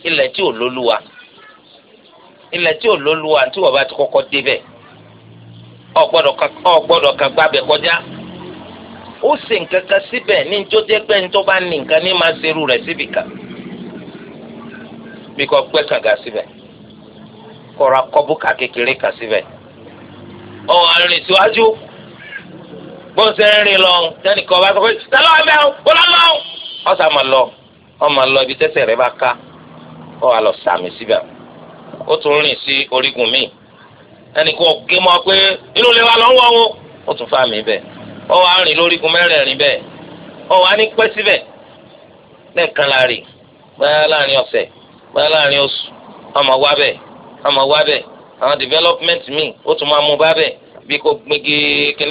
ilẹ̀ tí ò lólúwa ilẹ̀ tí ò lóluwà tí wọ́n bá ti kọ́kọ́ débẹ̀ ò gbọ́dọ̀ kan gbábẹ̀ kọjá ó ṣe nǹkan kan síbẹ̀ ní njó jẹ́ bá ní nǹkan ní máa ṣerú rẹ̀ síbì kan bí kò gbẹ́ síbẹ̀ kọ́ra kékeré kan lọ bá sọ pé kó máa lọ máa lọ ibi tẹ́sẹ̀ rẹ̀ bá ká ọ̀ wà lọ ó tún rìn sí orígun míì ẹnìkan gé pé inú ilé wa lọ ń wọ́ wọn ó tún fà mí bẹ́ẹ̀ ó ri rìn lórígun mẹ́rẹ̀ẹ̀rin bẹ́ẹ̀ ní pẹ́ síbẹ̀ lẹ́ẹ̀kan láàrin báyà láàrin ọ̀sẹ̀ báyà láàrin oṣù ọmọ wa bẹ́ẹ̀ ọmọ wa bẹ́ẹ̀ àwọn development ó tún máa mú bá bẹ́ẹ̀ bí kò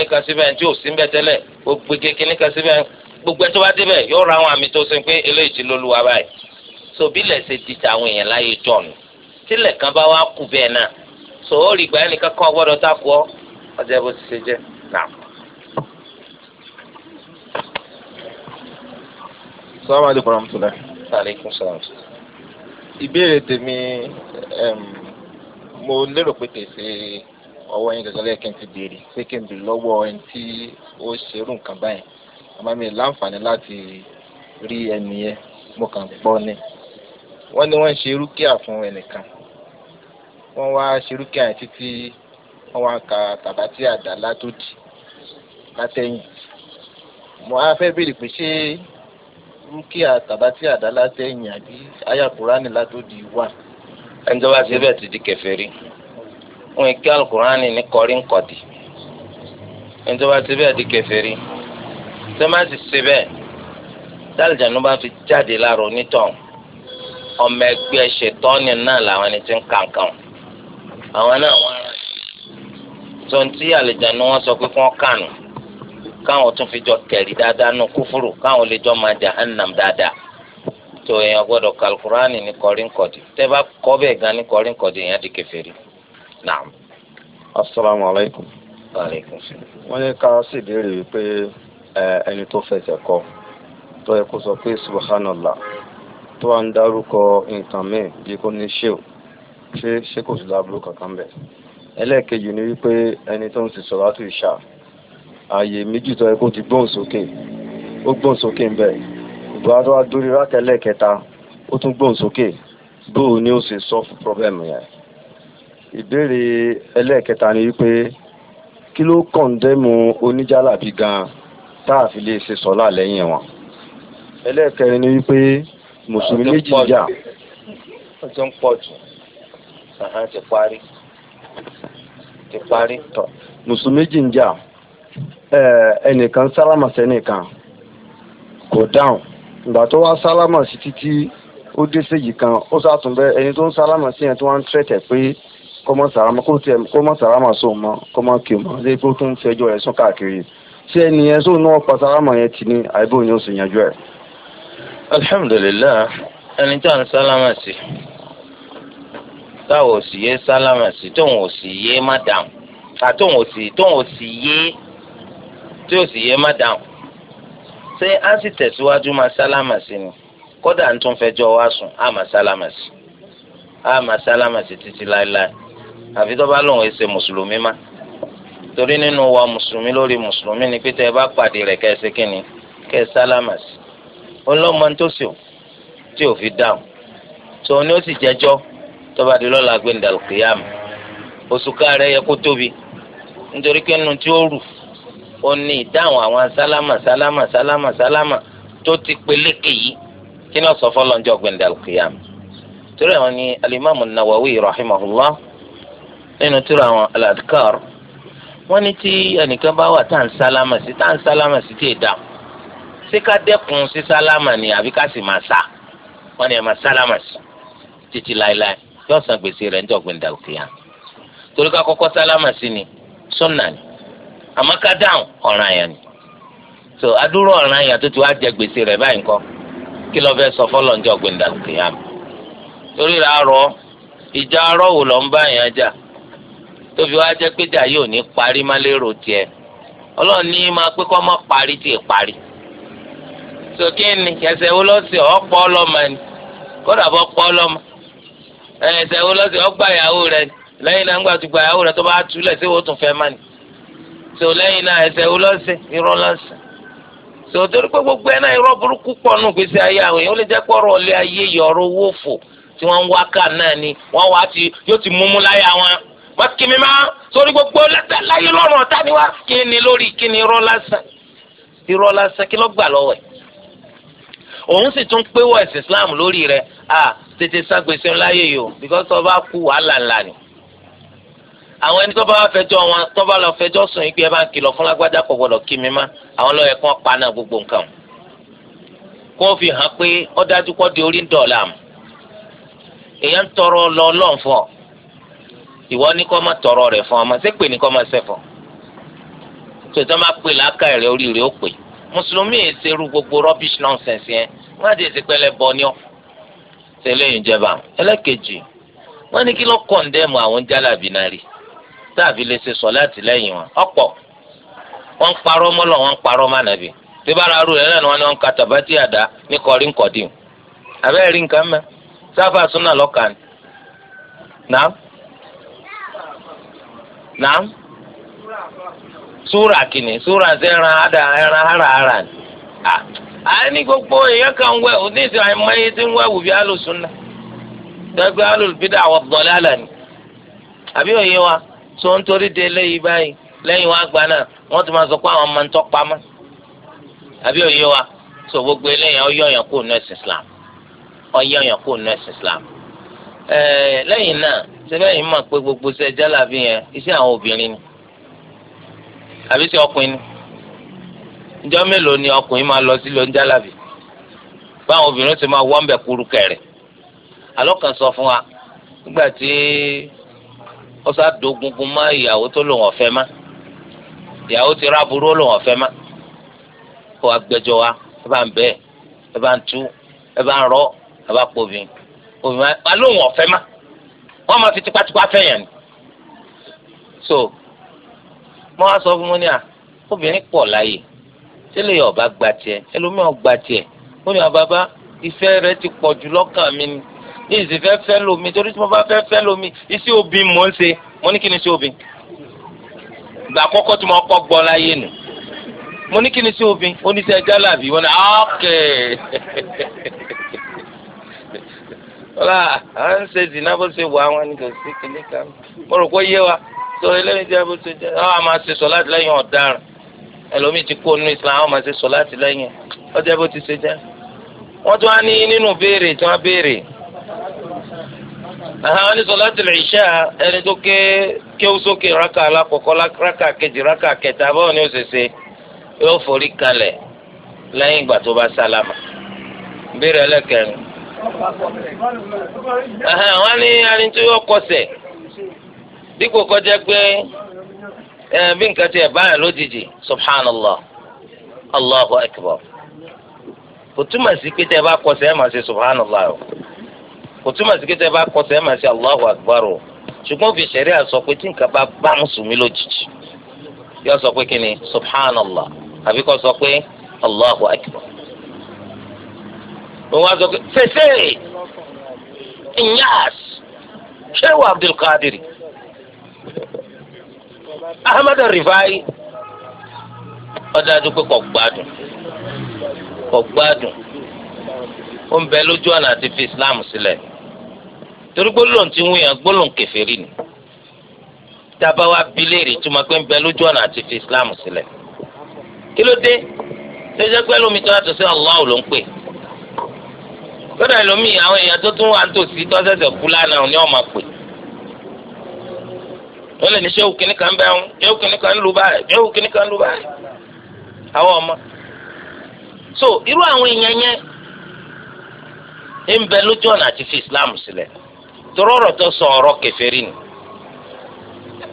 kan síbẹ̀ tí ò sí tẹ́lẹ̀ kò kan síbẹ̀ gbogbo tó bá so bí lẹ̀ ṣe ti ta àwọn èèyàn láyé tílẹ̀ kan bá wá kù bẹ́ẹ̀ náà so ó rí ìgbà ẹnìkan kan gbọ́dọ̀ takò ọ́ ọjọ́ bó ti ṣe jẹ́ náà. sọ́wọ́n àdìpọ̀ ramtulẹ̀. aleykum salaam. ìbéèrè tèmi mo lérò pé kì ọwọ́ yín gẹ́gẹ́ lẹ́yìn kí n ti béèrè ṣé kí n béèrè lọ́wọ́ ẹni tí ó ṣerú nǹkan báyìí àmọ́ mi láǹfààní láti rí ẹni yẹn mo kàn gbọ́ ni wọ́n ní wọ́n ń ṣe rúkìá fún ẹnìkan wọ́n wá ṣerúkẹ́ àti tí wọ́n wá ka tàbátì àdàlá tó dì látẹ̀yìn mo á fẹ́ béèrè pé ṣé rúkìá tàbátì àdàlá tẹ̀yìn àbí ayàkùránì látó dì wà. ẹni tó bá ṣe bẹ́ẹ̀ ti di kèfèrí wọn kí alukùránì ní kọrí nkọ̀dì ẹni tó bá ṣe bẹ́ẹ̀ di kèfèrí tó má ṣe bẹ́ẹ̀ dálìjànú bá fi jáde láàrọ̀ onítọ̀ ọmọ ẹgbẹ́ ṣètọ́ni náà làwọn ẹni tí ń kàǹkàn àwọn náà wọ́n ara tontí àlejànú wọn sọ pé kí wọ́n kànú káwọn tún fi jọ kẹ̀rí dáadáa nù kúfúrú káwọn lè jọ máa jahannam dáadáa tó èèyàn gbọ́dọ̀ kàlùkùránì ní kọrínkọdì tẹ́ bá kọ́ bẹ́ẹ̀ gan ní kọrínkọdì èèyàn di kèfèrí naam. asalaamualeykum. waaleykum salaam. wọ́n ní ká sì béèrè wípé ẹni tó fẹsẹ̀ kọ tó yẹ kó sọ pé subhanallah tó à ń dárúkọ nǹkan mìíràn bí kò ní ṣéwù ṣé ṣé kò sí láburú kankan bẹ̀. ẹlẹ́ẹ̀kejì ni wípé ẹni tó ń sì sọ̀rọ̀ ìṣà ààyè méjì tó yẹ kó ti gbóhùn sókè ó gbóhùn sókè ń bẹ̀ ìbúra tó wá dórí ó tún gbóhùn sókè bóò ni ó ṣe solve problem yẹn. ìbéèrè ẹlẹ́ẹ̀kẹta ni wípé kí ló kọ̀ǹdẹ́mù oníjàlábí gan-an tá a fi lè ṣe sọ́lá lẹ́yìn wọn. ẹlẹ́ẹ̀kẹrin ni wípé mùsùlùmí méjì jà. àhán ti parí ti parí. tọ mùsùlùmí jìnjà ẹnìkan sálámà sẹ́nìkan kò dáhùn ìgbà tó wá sálámà sí títí ó dé séyìí kan ó sàtúnbẹ ẹni tó ń sálámà sí yẹn tó wá ń tẹ̀tẹ̀ pé kọ́mọ sàrámà kó tiẹ̀ kọ́mọ sàrámà sóun mọ́ kọ́mọ kí o mọ́ ṣé kó tún fẹjọ́ ẹ̀ sùn káàkiri ṣé ẹni yẹn sóun náà pa yẹn ti ní ni ó sì yanjú ẹ̀. alhamdulilayi ẹni tí a ń sálámà sí táwọn ò sì yé sálámà sí tóun ò sì yé má àtóun ò sì tóun ò sì yé tí ò sì yé má ṣé a sì tẹ̀síwájú máa sálámà sí ni kódà ń tún fẹjọ́ wá sùn á máa sálámà sí á máa sálámà sí títí láéláé àfi tó bá lóun èsè mùsùlùmí má torí nínú wa mùsùlùmí lórí mùsùlùmí ni pété ẹ bá pàdé rẹ̀ kẹ́ ẹ ṣe kínni kẹ́ ẹ sálámà sí ọlọ́mọ tó sì tí ò fi dáhùn tòun ni ó sì jẹ́jọ́ tọ́ba di lọ́la gbẹ̀ndà kìyàm òṣùká rẹ̀ yẹ kó tóbi nítorí pé nínú tí ó rù ó ní ìdáhùn àwọn sálámà sálámà sálámà sálámà tó ti peléke yìí kí ni ọ̀sọ̀ fọlọ́njọ́ gbẹ̀ndà kìyàm torí àwọn ni alimami nawawi rahimahullah nínú tíra àwọn aladkar wọ́n ní tí ẹnìkan bá wà tá à ń sálámà sí tá à ń sálámà sí tí ì dáhùn ká dẹ́kun sí sálámà ni àbí ká sì máa sá wọ́n ní ẹ máa sálámà sí títí láéláé yóò san gbèsè rẹ̀ níjọ́ gbẹ̀ndà torí ká sálámà sí ni sunna ni àmọ́ ká dáhùn ọ̀ràn àyàn ni so adúrò ọ̀ràn àyàn tó ti wá jẹ gbèsè rẹ̀ báyìí ńkọ́ kí lọ́ọ́ fẹ́ sọ fọ́lọ́ níjọ́ gbẹ̀ndà òkèèyà torí rà rọ ìjà arọ́ wò ń bá jà tó yóò ní parí má lérò ọlọ́run ní ma pé kọ́ mọ́ parí parí so ni ẹsẹ̀ wo ẹ̀sẹ̀ wo lọ́sẹ̀ ọgbà ìyàwó rẹ̀ lẹ́yìn náà ńgbà tó gba ìyàwó rẹ̀ tó bá tú lẹ̀ sí wo tún fẹ́ mọ́ ni so lẹ́yìn náà ẹ̀sẹ̀ wo lọ́sẹ̀ irọ́ lọ́sẹ̀ so torí pé gbogbo ẹ̀ náà irọ́ burúkú pọ̀ nù gbèsè ayé àwọn èèyàn ó lè jẹ́ pọ̀rọ̀ ọ̀lẹ́ ayé yọ̀ọ̀rọ̀ owó fò tí wọ́n ń wá kà náà ni wọ́n wá ti yóò ti múmú láyà wọn wọ́n kì mí má sórí gbogbo láyé lọ́rùn ọ̀tá ni wá kí ni lórí kí ni irọ́ lásán irọ́ lásán kí ló gbà lọ́wọ́ ẹ̀ òun sì tún pé wọ ẹ̀sìn Islam lórí rẹ̀ ah tètè ságbèsè ńláyè yìí o because tó kú wàhálà ńlá ni àwọn ẹni tó bá fẹjọ́ wọn tó bá lọ fẹjọ́ sùn yìí pé ẹ bá ń àwọn kan pa gbogbo nǹkan kó o fi hàn pé ó di orí ń dọ̀ọ̀la mu èèyàn ń tọrọ lọ ọlọ́run fún ìwọ ní kó má tọrọ rẹ fún ọ má ṣe pè ní kó má ṣe fún ọ tòtí pè láàkà eléyìí jẹba ẹlẹ́kejì wọ́n ní kí ló kọ̀ǹdẹ́mù àwọn jálàbí náà rí sáàbí lè ṣe sọ láti lẹ́yìn wọn ọ̀pọ̀ wọ́n ń parọ́ mọ́lọ̀ wọ́n ń parọ́ mánàbí tí bá ra rú ń ka tàbátì àdá ní kọrí abẹ́rẹ́ rí nǹkan sáfà àá ní gbogbo èèyàn kan wẹ̀ òní ìsìn àìmọye tí ń wẹ̀ wù bí alùsùn náà dẹ́gbẹ́ alùbídà àwọn bọ̀lẹ́ àlà ni àbí òye wa tó ń torí de lẹ́yìn báyìí lẹ́yìn wa gba náà wọ́n ti máa sọ pé àwọn máa ń tọ́pa mọ́ àbí òye wa tó gbogbo eléyàn ó yọ̀yàn kó nọ́ọ̀sì Islam ó yọ̀yàn kó nọ́ọ̀sì Islam ẹ̀ẹ́ lẹ́yìn náà sẹ́fẹ̀yìn mọ̀ pé gbogbo sẹ́jà làbí yẹn iṣẹ́ àwọn obìnrin ni àbí sẹ́ ọkùnrin ni ǹjọ́ mélòó ni ọkùnrin máa lọ sílé oúnjẹ alábì báwọn obìnrin ti máa wọ́n bẹ̀ kúrú kẹrẹ̀ alọ́kàn sọ fún wa nígbà tí ó sá má ìyàwó tó lòun ọ̀fẹ́ má ìyàwó ti ráburú lòun ọ̀fẹ́ má kó wa gbẹ́jọ́ wa ẹ bá ń bẹ́ẹ̀ ẹ bá ń tú ẹ bá ń rọ́ ẹ bá pòbí òbí wa lòun ọ̀fẹ́ má wọ́n máa fi tipátipá fẹ̀yàn ni so mo wá sọ fún wọn ní à obìnrin pọ̀ láyè tẹ́lẹ̀ ọba gba tiẹ̀ ẹlòmíràn gba tiẹ̀ ó ní ah, àbábá ìfẹ́ rẹ ti pọ̀ jù lọ́kàn mi ni ní ìsìfẹ́ fẹ́ lomi torí tí mo bá fẹ́ fẹ́ lomi iṣẹ́ obì mò ń ṣe mo ní kí ni iṣẹ́ obì gbà àkọ́kọ́ tí mo kọ́ gbọ́ láyé nù mo ní kí ni iṣẹ́ obì oníṣẹ́ jálàbí wọn ni ọ̀kẹ́ wọ́n *laughs* ah, à ń ṣe zina bó ṣe wà wọn ni kò sí kìnìkan mo rò pé yé wa sọ eléyìí jẹ́ bó ṣe jẹ́ ọ́ àmà ṣe sọ láti lẹ́yìn ọ̀daràn. ẹlòmíì ti kú onú islam àwọn máa ṣe sọ láti lẹ́yìn ọjọ́ bó ti ṣe jẹ́ wọ́n tún wá ní nínú béèrè tí wọ́n béèrè àwọn ní sọláàtì ìṣá ẹni tó ké kéwú sókè raka alákọ̀ọ́kọ́ raka kejì raka kẹta báwo ni ó ṣe ṣe yóò forí kalẹ̀ lẹ́yìn ìgbà tó bá sálámà béèrè ẹlẹ́kẹrin wọ́n ní arìntúyọ̀ kọsẹ̀ dípò kọjá pé. Eh, bí nǹkan ti ẹ̀ báyàn lójijì subhanallah allahu akbar kò túmọ̀ sí pé tẹ́ ẹ bá máa ṣe subhanallah o kò túmọ̀ sí pé tẹ́ ẹ bá máa ṣe allahu akbar o ṣùgbọ́n òfin ṣẹ̀rí àsọ pé tí nǹkan bá bá subhanallah àbí sọ pé allahu akbar òun á sọ pé fèsè ìyáàs abdulkadir Ahmad Rifai ọdájú pé kò gbádùn kò gbádùn ó ń bẹ lójú ọ̀nà àti fi Islam sílẹ̀ torí gbólóhùn tí wọ́n yàn gbólóhùn kèfèrí ni tábà wá bi léèrè túmọ̀ pé ń bẹ lójú ọ̀nà àti fi Islam sílẹ̀ kí ló dé lójú pé lómi tó yàtọ̀ sí Allah ló ń pè lọ́dọ̀ ẹlòmíì àwọn èèyàn tó tún wà ń tòsí tó ṣẹ̀ṣẹ̀ kú lánàá ni wọ́n máa pè wọ́n lè ní kìnnì kan bẹ́ẹ̀ ń kìnnì kan báyìí kìnnì kan ọmọ. so irú àwọn èèyàn yẹn ń bẹ lójú fi Islam sílẹ̀ torí tó sọ ọ̀rọ̀ kèfèrí ni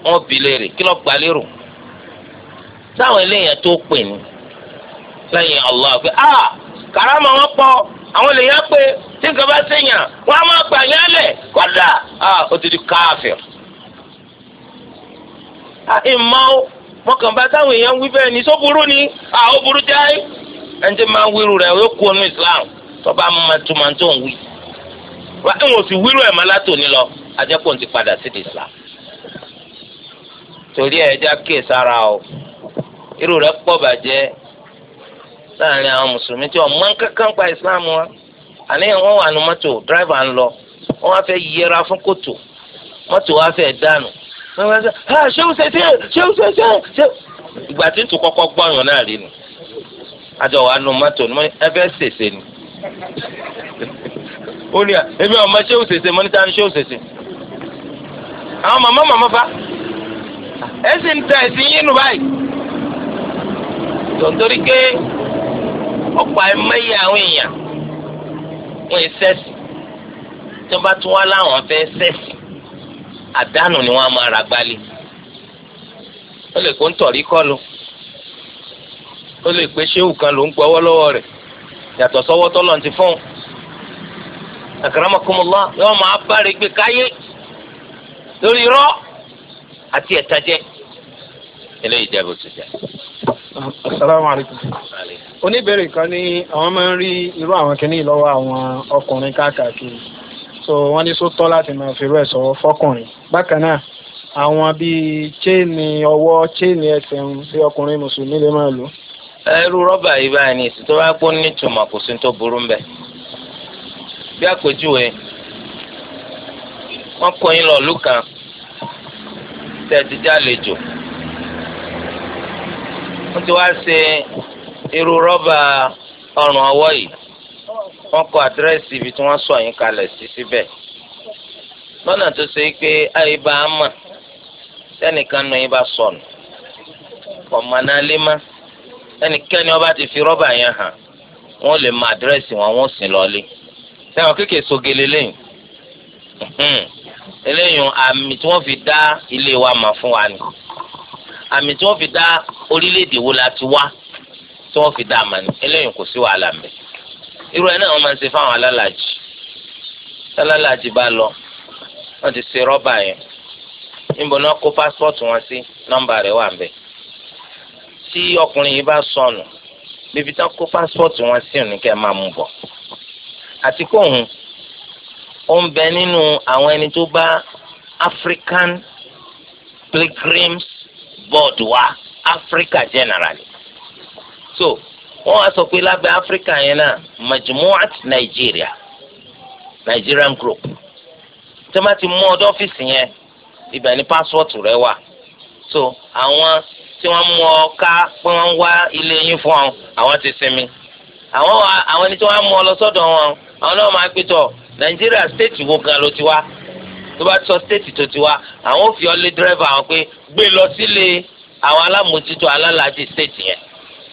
wọ́n bi léèrè kí lọ́ọ́ gba lérò sáwọn eléyàn tó pè ní lẹ́yìn Allah pé a. Ah, karama wọn pọ̀ àwọn lèèyàn pé tí nǹkan bá ṣèyàn wọn á máa gbà kọ́dà Ah, ìmọ̀ o mọ̀kànbá táwọn èèyàn wí bẹ́ẹ̀ ni só burú ni àwọn ah, burú jáì ẹni tí máa ń wíru rẹ̀ yóò kú ọnù Islam tọ́ba máa túmọ̀ tó ń wí. wọ́n ò sì wíru ẹ̀ máa látòní lọ ajẹ́pọ̀ ti padà sí Islam. torí ẹ̀ já kíyè sára o irú rẹ̀ pọ̀ bàjẹ́ láàrin àwọn mùsùlùmí tí wọ́n mọ̀ kankan pa Islam wa àníyàn wọn wà nù mọ́tò dírẹ́fà ń lọ wọ́n wá fẹ́ yẹra fún kòtò mọ́tò wá fẹ́ dànù wọ́n bá sọ ha ṣéwù ṣèṣe ṣéwù ṣèṣe ṣéwù. ìgbà tí tù kọ́kọ́ gbọ́yàn náà rí nu àjọ wa nu mọ́tò ní ẹ fẹ́ ṣèṣe ni. ó ní à èmi ọmọ ṣéwù ṣèṣe mọ́ níta ni ṣéwù ṣèṣe. àwọn màmá màmá fa ẹ sì ń ta ẹ̀sìn yín nù báyìí. tòǹtòrí ké ọ̀pọ̀ àìmọye àwọn èèyàn wọ́n ì sẹ́sì tí wọ́n bá tún wá láwọn fẹ́ sẹ́sì àdánù ni wọ́n á máa ra gbálẹ̀ ó lè kó ń O le ó lè pé ṣéwù kan ló ń gbọ́wọ́ lọ́wọ́ rẹ̀ yàtọ̀ ti fún un àkàràmọ́kùnmọ́lá yóò máa bá rẹ̀ gbé káyé lórí irọ́ àti ẹ̀tàjẹ́ eléyìí jẹ́ bó ti jẹ́. asalaamualeykum. oníbèrè kan ní àwọn máa ń rí irú àwọn lọ́wọ́ àwọn ọkùnrin so wọ́n ní so tọ́ láti máa fi irú ẹ̀ sọ̀rọ̀ fọkùnrin bákan náà àwọn bíi chéènì ọwọ́ chéènì ẹsẹ̀ ń sí ọkùnrin mùsùlùmí lè máa lò. ẹrú rọ́bà yìí báyìí ní ìsìn tó bá pọ́n ní ìtumọ̀ kò sí tó burú ń bẹ̀. bí àpèjúwe wọ́n kó yín lọ ìlú kan tẹ̀ ti jálejò wọ́n ti wá ṣe irú rọ́bà ọrùn ọwọ́ yìí wọ́n kọ àdírẹ́sì ibi tí wọ́n sọ yín kalẹ̀ sí síbẹ̀ lọ́nà tó ṣe pé ayé bá a mọ̀ sẹ́nìkan nù yín bá sọnù kọ̀mọ̀nà lé má ẹnikẹ́ni ọba ti fi rọ́bà yẹn hàn wọ́n lè mọ àdírẹ́sì wọn wọ́n sì lọ́ọ́lé sẹ́wọ̀n kéèké sogele lẹ́yìn hmm. eléyìn àmì tí wọ́n fi dá ilé wa mà fún wa ni àmì tí wọ́n fi dá orílẹ̀-èdè wo la ti wá tí wọ́n fi dá àmà ni eléyìn kò sí wàhálà mẹ́ta irú ẹ náà wọ́n máa ń ṣe fáwọn alálàjì alálàjì bá lọ wọ́n ti ṣe rọ́bà yẹn níbo náà kó pásítọ̀tù wọn sí nọ́mbà rẹ̀ wà ńbẹ̀ tí ọkùnrin yìí bá sọnù níbi tán kó pásítọ̀tù wọn sí òní kẹ́ máa mú bọ̀ àti kó òun ó ń bẹ nínú àwọn ẹni tó bá African Pilgrims Board wa Africa generally so wọ́n á sọ pé lábẹ́ áfíríkà yẹn náà majmuat nàìjíríà nigerian group tí wọ́n bá ti mú ọdọ ọ́fíìsì yẹn ibẹ̀ ní pásọ̀tù rẹ wà so àwọn tí wọ́n mú ọ ká pé wọ́n ń wá ilé yín fún ọ àwọn ti sinmi àwọn àwọn ẹni tí wọ́n á mú ọ lọ sọ́dọ̀ wọn àwọn náà máa pẹ́ tọ̀ nàìjíríà stéètì wo gan ló ti wá tó bá sọ stéètì tó ti wá àwọn ò fi ọ lé dírẹ́fà àwọn pé gbé lọ sílé àwọn alámòjútó alálàájì stéètì yẹn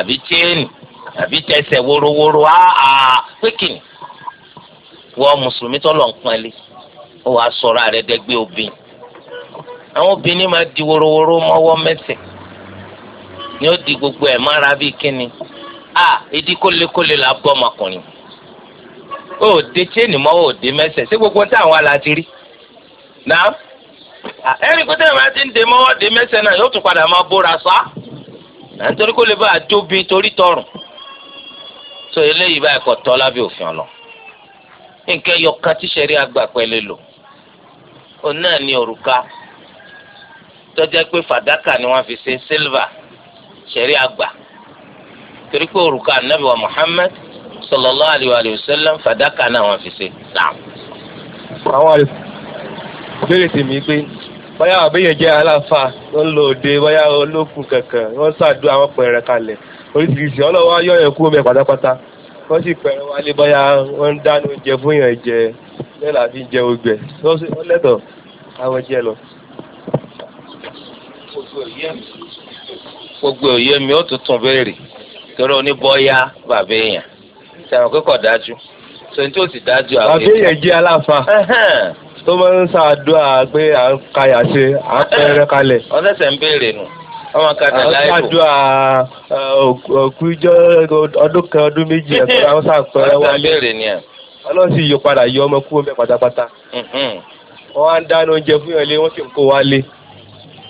àbí chain àbí tẹsẹ̀ worowóró áá pékin wọ́n mùsùlùmí tó lọ ń pọ́nlé ó wàá sọ̀rọ̀ rẹ̀ dẹ́gbẹ́ obìnrin àwọn obìnrin máa di worowóró mọ́wọ́ mẹ́sẹ̀ ni ó di gbogbo ẹ̀ mára bíi kíni a ìdí kólékólé la bọ́ ọmọkùnrin ó de chain mọ́wọ́ ó de mẹ́sẹ̀ ṣé gbogbo táwọn aláti rí náà ẹnì kó tẹ̀wé máa ti ń de mọ́wọ́ de mẹ́sẹ̀ náà yóò tún padà máa bóra sọ́ à ń torí kó lè bá a tóbi torí tọrùn tó eléyìí báyìí kò tọ́ lábẹ́ òfin ọ̀nà nǹkan yọkan tí sẹ́rí àgbà pẹ́lẹ́ lò òun náà ní òrùka tọ́jà pé fàdákà ni wọ́n fi ṣe sílvà sẹ́rí àgbà torí pé òrùka ànábì wa Muhammad sallallahu alayhi wa sallam fàdákà náà wọ́n fi ṣe. àwọn àlè ìbéèrè tèmi pé bóyá àbẹ̀yẹ̀ jẹ́ aláfa ló ń lo òde bóyá olókùn kankan wọ́n ṣàdó àwọn pẹ̀rẹ̀ kalẹ̀ oríṣiríṣi ọlọ́wọ́ yọ̀yàn kú omi ẹ̀ pátápátá wọ́n sì pẹ̀rẹ̀ wálé bóyá wọ́n ń dáná oúnjẹ fún yàn jẹ lẹ́la fi jẹ ogbẹ̀ wọ́n lẹ́tọ̀ àwọn jẹ lọ. gbogbo òye mi ó tuntun béèrè torí oníbọ́yá bàbá èèyàn sẹ̀wọ̀n kíkọ̀ dájú sọ̀tún ó sì dájú àwọn èèyàn. bàbá èèyàn jẹ́ aláfa tó máa ń ṣàdúrà pé à ń kayà ṣe à ń pẹrẹ kalẹ̀. ọ̀sẹ̀sẹ̀ ń béèrè nù ọmọ kàdà láìpò. àwọn ṣàdúrà òkú ijó ọdún kan ọdún méjì ẹ̀kọ́ àwọn ṣàpẹrẹ wálé. ọ̀sẹ̀ ń béèrè ni ẹ̀. ọlọ́run sì yọ padà yọ ọmọ kúrò mẹ́ pátápátá. Mm-hmm. wọ́n á ń dáná oúnjẹ fún ìrẹ̀lẹ̀ wọ́n sì ń kó wálé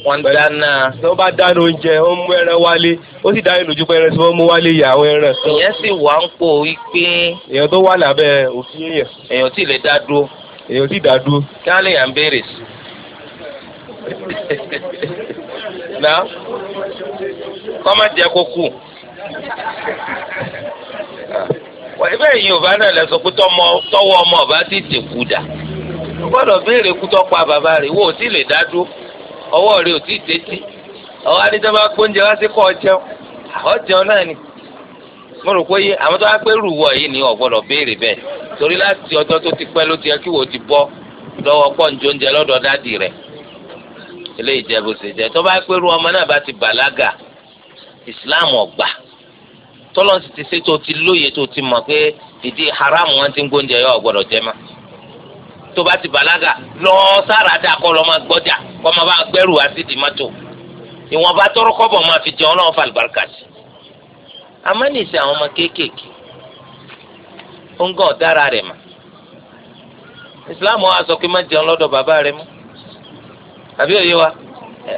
wọn dáná. tí wọn bá dáná oúnjẹ ó mú ẹran wálé ó sì dáná lójú pé ẹran tí wọn mú wálé yà àwọn ẹran. ìyẹn sì wá ń pò wípé. èèyàn tó wà lábẹ́ òfin èèyàn. èèyàn tí ì èyàn sì dàdúró kí á lè yàn béèrè sí. náà kọ́má jẹ́ kó kù. ìbẹ́ yìí ò bá náà lẹ sọ pé tọwọ́ ọmọ ọba ti dèkú dà o gbọ́dọ̀ béèrè kú tọ́pa bàbá rẹ̀ wo ò tí lè dádúró ọwọ́ rẹ̀ ò tí ì tẹ́tí ọwọ́ adéjọba gbóúnjẹ wá sí kọ́ ọ jẹun ọ jẹun náà ni mo rò pé àwọn tó wá pé rúwọ yìí ni ọ̀gbọ́dọ̀ béèrè bẹ́ẹ̀ torí láti ọjọ́ tó ti pẹ́ ló ti yẹ kí wò ó ti bọ́ lọ́wọ́ pọ́ǹjọ oúnjẹ lọ́dọ̀ dáàdì rẹ̀ eléyìí jẹ́ bó ṣe jẹ́ tó bá pé rú ọmọ náà bá ti bàlágà Islam ọ̀gbà tọ́lọ́n ti ti ṣe tó ti lóye tó ti mọ̀ pé ìdí haram wọn ti ń gbóúnjẹ yọ ọ̀gbọ́dọ̀ jẹ́ ma tó bá ti bàlágà lọ sára dá kọ́ lọ́ máa gbọ́jà kọ́ máa bá gbẹ́rù àti dìmọ́tò ìwọ̀nba tọrọ amánìsì àwọn ọmọ kéékèèké ó ń gàn ọ̀dára rẹ̀ mà ìsìláàmù wa sọ pé má jẹun lọ́dọ̀ bàbá wa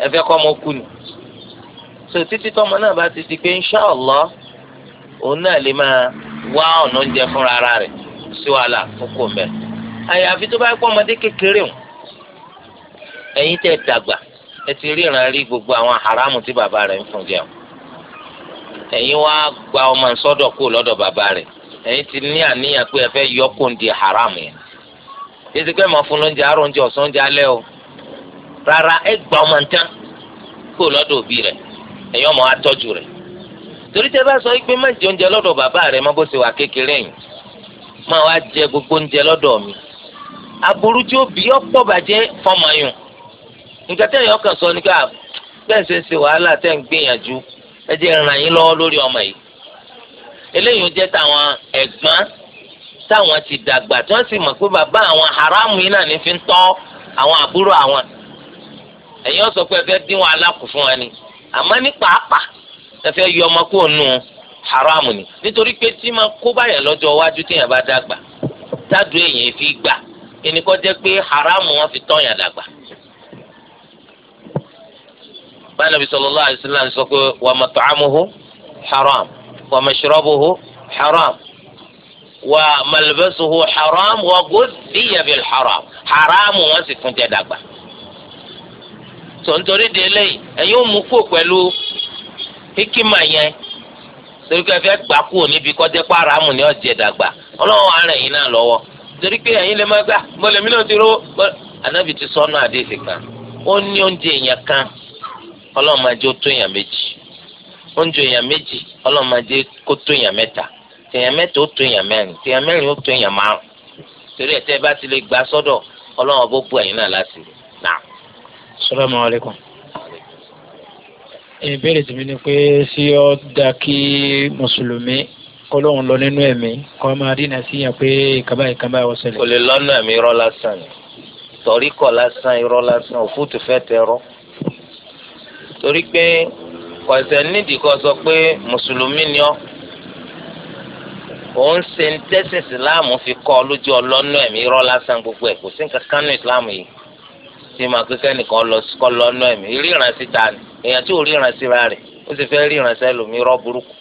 ẹ fẹ́ ọmọ kú ni so títí tọ́mọ náà bá ti di pé ma òun náà lè máa wá ọ̀nà oúnjẹ fúnra ara rẹ̀ sí wàhálà kókó mẹ́ àyàfi tó bá pọ́ ọmọdé kékeré o ẹ̀yin tẹ dàgbà ẹ ti ríran rí gbogbo àwọn haramu tí bàbá ń fún jẹun ẹ̀yin wa gba ọmọ nsọdọ kó lọdọ bàbá rẹ̀ ẹ̀yin ti ní àníyàn pé ẹ fẹ́ yọ kó ń haram yẹn èsì pé màá fún lóúnjẹ àárọ̀ oúnjẹ ọ̀sán oúnjẹ alẹ́ o rárá ẹ gba ọmọ kó òbí ọmọ torí bá sọ pé má jẹ oúnjẹ lọ́dọ̀ bàbá rẹ̀ mọ́ bó ṣe wà kékeré yìí má wa jẹ gbogbo oúnjẹ lọdọ mi aburú tí ó bí fọmọ yùn nǹkan sọ ni ká ah, bẹ́ẹ̀ ṣe ń ṣe wàhálà ẹ ti ràn yín lọ́wọ́ lórí ọmọ yìí eléyìí jẹ́ tàwọn ẹ̀gbọ́n táwọn ti dàgbà tí wọ́n sì mọ̀ pé bàbá àwọn haramu yìí náà ní fi ń tọ́ àwọn àbúrò àwọn ẹ̀yin ọ̀sọ̀ pé ẹ fẹ́ dín wàhálà kù fún wa ni àmọ́ ní pàápàá ẹ fẹ́ yọ ọmọ kó nù haramu ni nítorí pé tí máa kó báyà lọ́jọ́ iwájú téèyàn bá dàgbà tádùn èèyàn fi gbà ẹnìkan jẹ́ pé haramu wọn fi tọ́yàn dàgbà báyìí nàbí sallallahu alaihi wasallam sọ pé wa mat'amuhu haram wa mashrabuhu haram wa malbasuhu haram wa ghudhiya bil haram haramu wọn sì fún jẹ dàgbà tontori de eléyìí ẹ̀yin ò mú kó pẹ̀lú hikima yẹn torí pé ẹfẹ gbà kú níbi kọjá pé haramu ni ọjẹ dàgbà ọlọ́wọ́ ara ẹ̀yin náà lọ́wọ́ torí pé ẹ̀yin lè má gbà mọ̀lẹ́mí náà ti rọ́ anabi ti sọ́nà àdéhìí kan ó ní oúnjẹ yẹn kan ọlọ́run máa jẹ́ ó tó èèyàn méjì ó ń ju èèyàn méjì ọlọ́run máa jẹ́ kó tó èèyàn mẹ́ta tèèyàn mẹ́ta ó tó èèyàn mẹ́rin tèèyàn mẹ́rin ó tó èèyàn márùn torí ẹ̀ tẹ́ ẹ bá ti lè gbà sọ́dọ̀ ọlọ́run ọ̀bọ̀ bu ẹ̀yin náà láti rí náà. salamu alaykum. ìbéèrè tèmi ni pé ṣé ó dáa kí mùsùlùmí kó lóun lọ nínú ẹ̀mí kó máa dínà síyàn pé ìkàbá ìkàbá ọ̀ sẹlẹ̀. kò lè lọ́nà ẹ̀mí irọ́ lásán ni torí kọ̀ lásán irọ́ lásán òfútùfẹ́ tẹ rọ́ torí pé kọ̀ọ̀sẹ̀ nídìí kan sọ pé mùsùlùmí ni ọ́ òun ṣe ń tẹ́sí ìsìláàmù fi kọ́ lójú ọlọ́nà ẹ̀mí irọ́ lásán gbogbo ẹ̀ kò sí nǹkan kan ní ìsìláàmù yìí tí màá kékeré nìkan lọ kọ́ lọ́nà ẹ̀mí ríran síta ni èèyàn tí ò ríran síra rẹ̀ ó sì fẹ́ ríran sẹ́lòmí irọ́ burúkú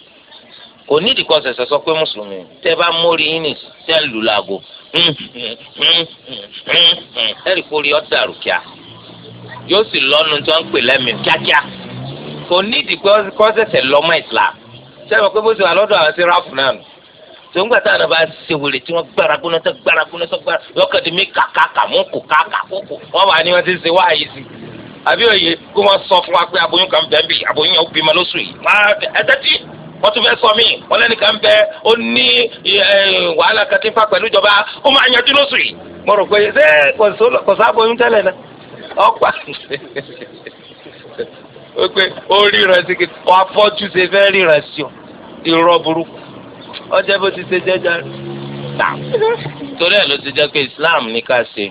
kò nídìí kan ṣẹ̀ṣẹ̀ sọ pé mùsùlùmí tẹ́ bá mórí yín ní sẹ́ẹ̀lù làgò ẹ̀rì kórìí ọ̀ dàrú kíá yóò sì lọ́nu tí wọ́n ń pè lẹ́mìí kíákíá kò ní ìdí kọ́sẹ̀sẹ̀ lọ́mọ islam sẹ́wọ̀n pé bó ti àwọn sí ralph náà tó ń gbà tá àná bá ṣe tí wọ́n gbára gbóná tó gbára gbóná tó gbára lọ́kàdé mi kàkà kàmú kò kàkà kókò wọ́n wà ní wọ́n ti ṣe wáyé sí àbí òye kó wọ́n sọ fún wa pé aboyún kan bẹ́ẹ̀ bì aboyún yẹn bímọ lóṣù yìí wọ́n tún *laughs* pé ó ríran sí kí wọ́n afọ́jú ṣe fẹ́ ríran sí ọ irọ́ burúkú ọjọ́ bó ti ṣe jẹ́jà tà torí ẹ̀ ló ti jẹ́ pé Islam ní ká ṣe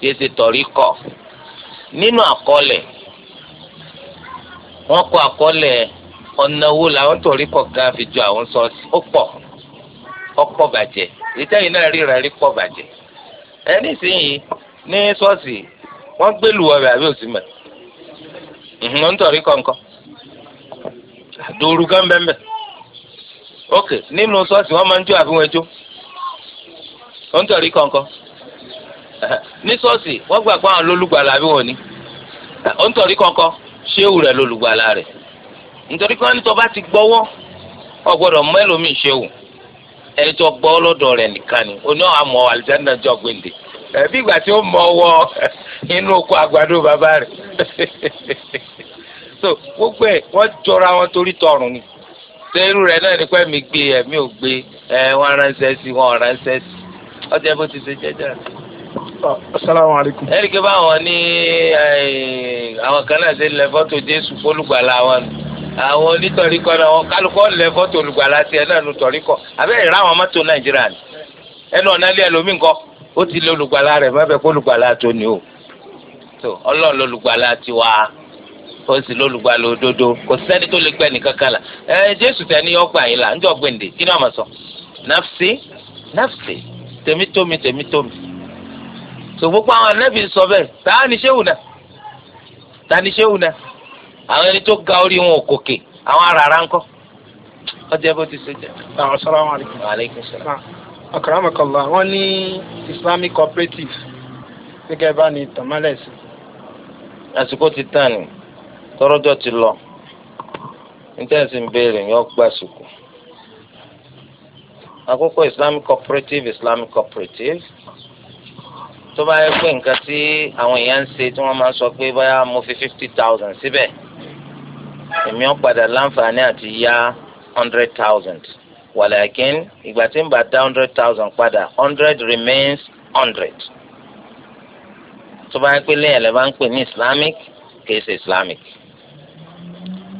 kí ṣe tọ̀rí kọ̀ nínú àkọọ́lẹ̀ wọ́n kọ àkọọ́lẹ̀ ọ̀nà wo làwọn tọ̀rí kọ̀ gan fi ju àwọn sọ́ọ̀sì ó pọ̀ ọ̀pọ̀ bàjẹ́ ìtẹ́yìn náà ríra rí pọ̀ bàjẹ́ ẹ nísìnyí ní sọ́ọ̀sì wọ́n gbé lùwọ̀ rẹ̀ àbí òsì mẹ́ta ǹhun mhm, ntọ̀rí kọ̀ǹkọ̀ dòrú gan ok nínú sọ́ọ̀sì wọ́n máa ń jó àfihàn ẹjọ́ ó ń tọ̀rí kọ̀ǹkọ̀ ní sọ́ọ̀sì gbà ni ó rẹ lólùgbàlà nítorí pé wọ́n ní ti gbọwọ o gbọ́dọ̀ mọ Ebi ìgbà tí ó mọ wọ inú oko àgbàdo bàbá rẹ so gbogbo ẹ wọn jọra wọn torí tọrùn ni sẹẹrù rẹ náà ní pẹ mi gbé ẹmí ò gbé ẹ wọn ránṣẹ́ sí wọn ránṣẹ́ sí ọjà bó ti ṣe jẹjẹ. asalaamualeykum. Ah, ẹnì kí báwọn ní àwọn kan náà ṣe lẹ jésù fólùgbàlà wọn àwọn onítọ̀ríkọ náà wọn ó ti lé olùgbàlà rẹ̀ má fẹ́ kó olùgbàlà tó o tó ọlọ́run lolùgbàlà ti wá ó sì lolùgbàlà òdodo kò sẹ́ni tó lè gbẹ́ nìkan kan ẹ jésù tẹ́ni ọgbà yìí là ńjọ́ gbèǹde kí sọ nafsi nafsi temitomi tó gbogbo àwọn anábì sọ táà ní náà táà ní náà àwọn ẹni tó ga orí ara akaramakallah wọ́n ní islamic cooperative gẹ́gẹ́ bá ní tọ̀mọ́lẹ̀sì. àsìkò ti tàn ní tọrọjọ ti lọ nítẹ̀sí ń béèrè yọ gbà sùkù. àkókò islamic cooperative islamic cooperative tó bá yẹ pé nǹkan tí àwọn èèyàn ń ṣe tí wọ́n máa ń sọ pé báyà mo fi fifty thousand síbẹ̀ èmi ọ̀ padà láǹfààní àti yá hundred thousand wàlàkín ìgbà tí ń bá dá hundred thousand padà hundred remains hundred tó bá ń pè lẹ́yìn lẹ́ bá ń pè ní islamic case islamic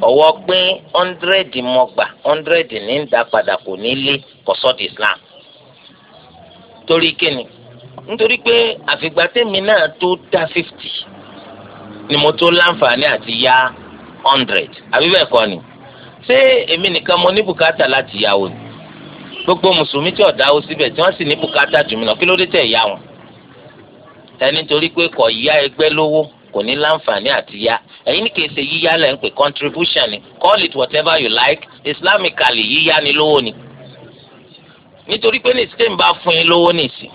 ọwọ́ pín hundred mọ́gbà hundred ní ń dá padà kò ní lé kọ́sọ́dì islam torí kíni nítorí pé àfìgbà tèmi náà tó dá fifty ni mo tó láǹfààní àti yá hundred àbí bẹ́ẹ̀ kọ́ ni ṣé èmi nìkan mo ní bùkátà láti yàwó ni gbogbo mùsùlùmí tí ọ̀dà ó síbẹ̀ tí wọ́n sì ní bùkátà jù mí lọ kí ló dé tẹ̀ yá wọn. ẹni torí pé kò yá ẹgbẹ́ lówó kò ní láǹfààní àti yá ẹ̀yin ní kìí ṣe yíyá lẹ̀ ń pè contribution ni call it whatever you like islamically yíyá ni lówó ni. nítorí pé ní stem bá fún yín lówó nìsín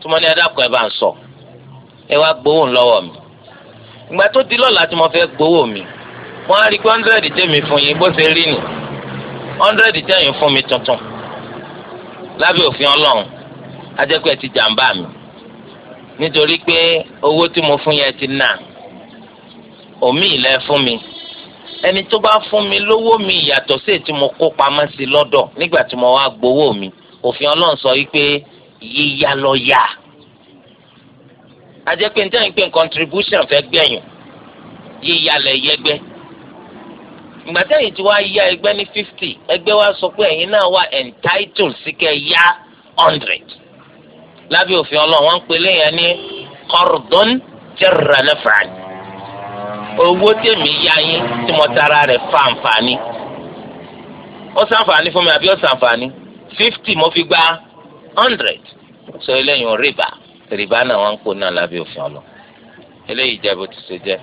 tí mo ní adákùn ẹ bá ń sọ ẹ wá gbowó ńlọ́wọ́ mi ìgbà tó di lọ́la tí mo fẹ́ gbowó mi wọ́n á rí pé hundred tẹ̀mí fún yín bó ṣe rí nì hundred tẹ̀yìn fún mi tuntun lábẹ́ òfin ọlọ́run ajẹ́pẹ́ ti jàǹbá mi nítorí pé owó tí mo fún yẹn ti nà òmí ilẹ̀ fún mi ẹni tó bá fún mi lówó mi ìyàtọ̀ sí ètí mo kó pamọ́ sí lọ́dọ̀ nígbà tí mo wá gbowó mi òfin ọlọ́run sọ wípé yíyá lọ yá ajẹ́pẹ́ ní tẹ́yìn pé contribution fẹ́ gbẹ̀yìn yíyá lẹ̀ yẹgbẹ́ ìgbà tẹ́yìn tí wàá yá ẹgbẹ́ ní fifty ẹgbẹ́ wa sọ pé ẹ̀yin náà wà entitled sí kẹ́ yá hundred lábẹ́ òfin ọlọ́run wọ́n ń pè léyìn ní kọ́rọ̀dọ́n jẹ́rìrà nẹ́fàá owó tèmi yá yín tí mo tara rẹ̀ fa àǹfààní ó sàǹfààní fún mi àbí ó sàǹfààní fifty mo fi gba hundred so eléyìn rìbá rìbá náà wọ́n ń pò náà lábẹ́ òfin ọlọ́run eléyìí jẹ́ bó ti ṣe jẹ́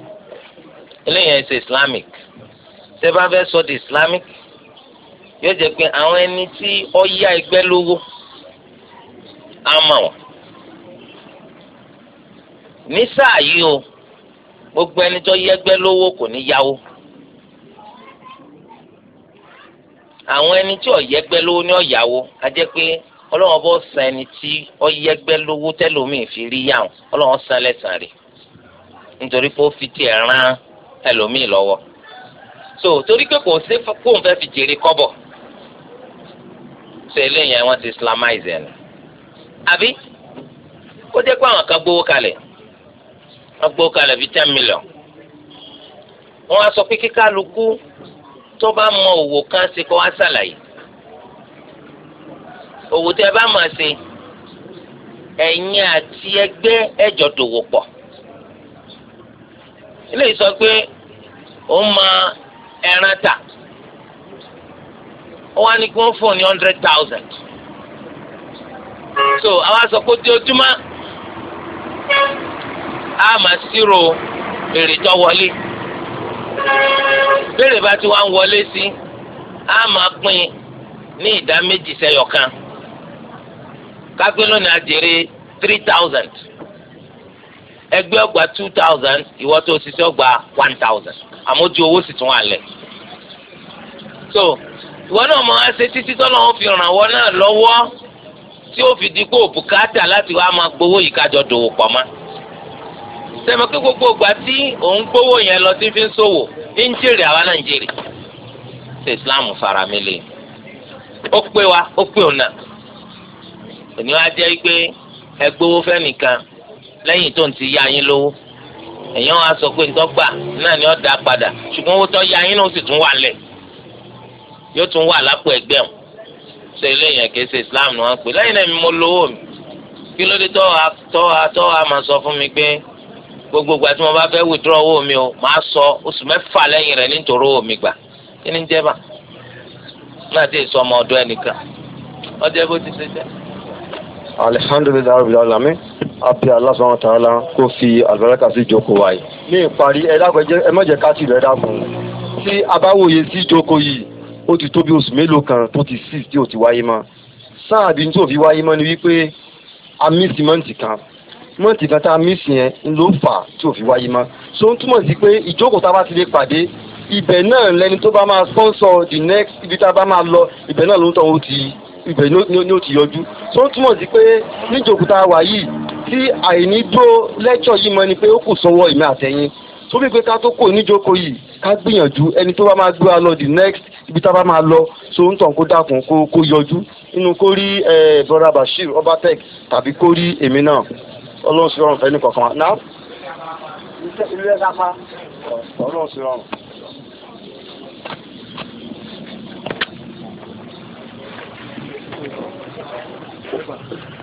eléyìí ẹ̀ ṣe islamic. ṣé bá fẹ́ sọ di islamic yóò jẹ́ pé àwọn ẹni tí ọ yá ẹgbẹ́ lówó á mọ̀ wọ́n. ní sáà o gbogbo ẹni tó ẹgbẹ́ lówó kò ní yáwó. àwọn ẹni tí ẹgbẹ́ ni á jẹ́ pé ọlọ́wọ́n bọ́ san ẹni tí ẹgbẹ́ lówó fi rí ọlọ́wọ́n san lẹ́sàn-án so torí pé kò sí fóun fẹ́ fi jèrè kọ́bọ̀ so eléyìí wọ́n ti islamize ẹ̀ nù àbí ó jẹ́ pé àwọn kan gbowó kalẹ̀ wọ́n gbowó kalẹ̀ bíi ten million wọ́n á sọ pé kíkálukú tó bá mọ òwò kan ṣe kó wá ṣàlàyé òwò tẹ́ bá mọ̀ ṣe ẹ̀yin àti ẹgbẹ́ ẹ̀jọ̀ dòwò pọ̀ ilé yìí pé òun máa ẹran tà ó wá ní kí wọ́n fún ọ hundred thousand so àwa sọ pé ojoojúmọ́ a máa ṣírò èrè tó wọlé béèrè bá ti wá ń wọlé sí a máa pín ní ìdá méjì sẹ́yọ̀ kan kápé lónìí àjèrè three thousand ẹgbẹ́ ọgbà two thousand ìwọ tó ṣiṣẹ́ ọgbà one thousand àmójú owó sì tún wà lẹ̀. tó ìwọ náà mọ ẹsẹ títí tọ́lọ́wọ́ fi ràn wọ́n náà lọ́wọ́ tí ó fi di kó bùkátà láti wá máa gbowó yìí kájọ dòwò pọ̀ mọ́ sẹ́mi kí gbogbo tí òun gbowó yẹn lọ sí fi ń ṣòwò ń jèrè àwa náà ṣe Islam wa ó pé òun náà òní wa jẹ́ pé ẹ gbowó lẹ́yìn tó ń ti yá yín lówó wa sọ pé ni dá padà ṣùgbọ́n owó tó yá yín náà ó sì tún wà yóò tún wà lápò ẹgbẹ́ wọn ṣe eléyàn kìí ṣe islam ni wọ́n pè lẹ́yìn náà mi mo lówó mi kí ló dé tọ́ a máa sọ fún mi pé gbogbo ìgbà tí mo bá fẹ́ withdraw owó mi o máa sọ oṣù mẹ́fà lẹ́yìn rẹ̀ nítorí owó mi gbà kí ni jẹ́ bá náà ti sọ ọmọ ọ̀dọ̀ ẹnìkan ọjọ́ bó ti ṣe jẹ́. alihamdulilayi rabbil alamin abi alasana taala kò fi alibarika sí ìjókòó wa ní ìparí ẹ dákun ẹ má jẹ́ ká tì dákun tí a sí ìjókòó yìí ó ti tó bí oṣù mélòó kan tó ti six tí ò ti wáyé mọ́ sáàbì tí ò fi wáyé mọ́ ni wípé a mísì mọ́ǹtì kan mọ́ǹtì kan tá a mísì yẹn ló fà tí ò fi wáyé mọ́ so ń túmọ̀ sí pé ìjókòó tá a bá ti lè pàdé ibẹ̀ náà lẹni tó bá máa sponsor the next ibi tá a bá máa lọ ibẹ̀ náà ló ń tọ́ ó ti ibẹ̀ ni ó ti yọjú so ń túmọ̀ sí pé níjókòó tá a wà yìí tí àìní dúró lẹ́kṣọ̀ yìí mọ́ ni pé ó kù sọ́wọ́ ìmọ̀ tó fi pé ká tó kò níjókòó yìí ká gbìyànjú ẹni tó bá máa gbé wa lọ the next ibi tá a bá máa lọ so ń tàn kó dákun kó kó yọjú inú kó rí brother Bashir Obatek tàbí kó rí èmi náà ọlọ́run sí ọrùn fẹ́ ní kọ̀ọ̀kan náà. Thank you.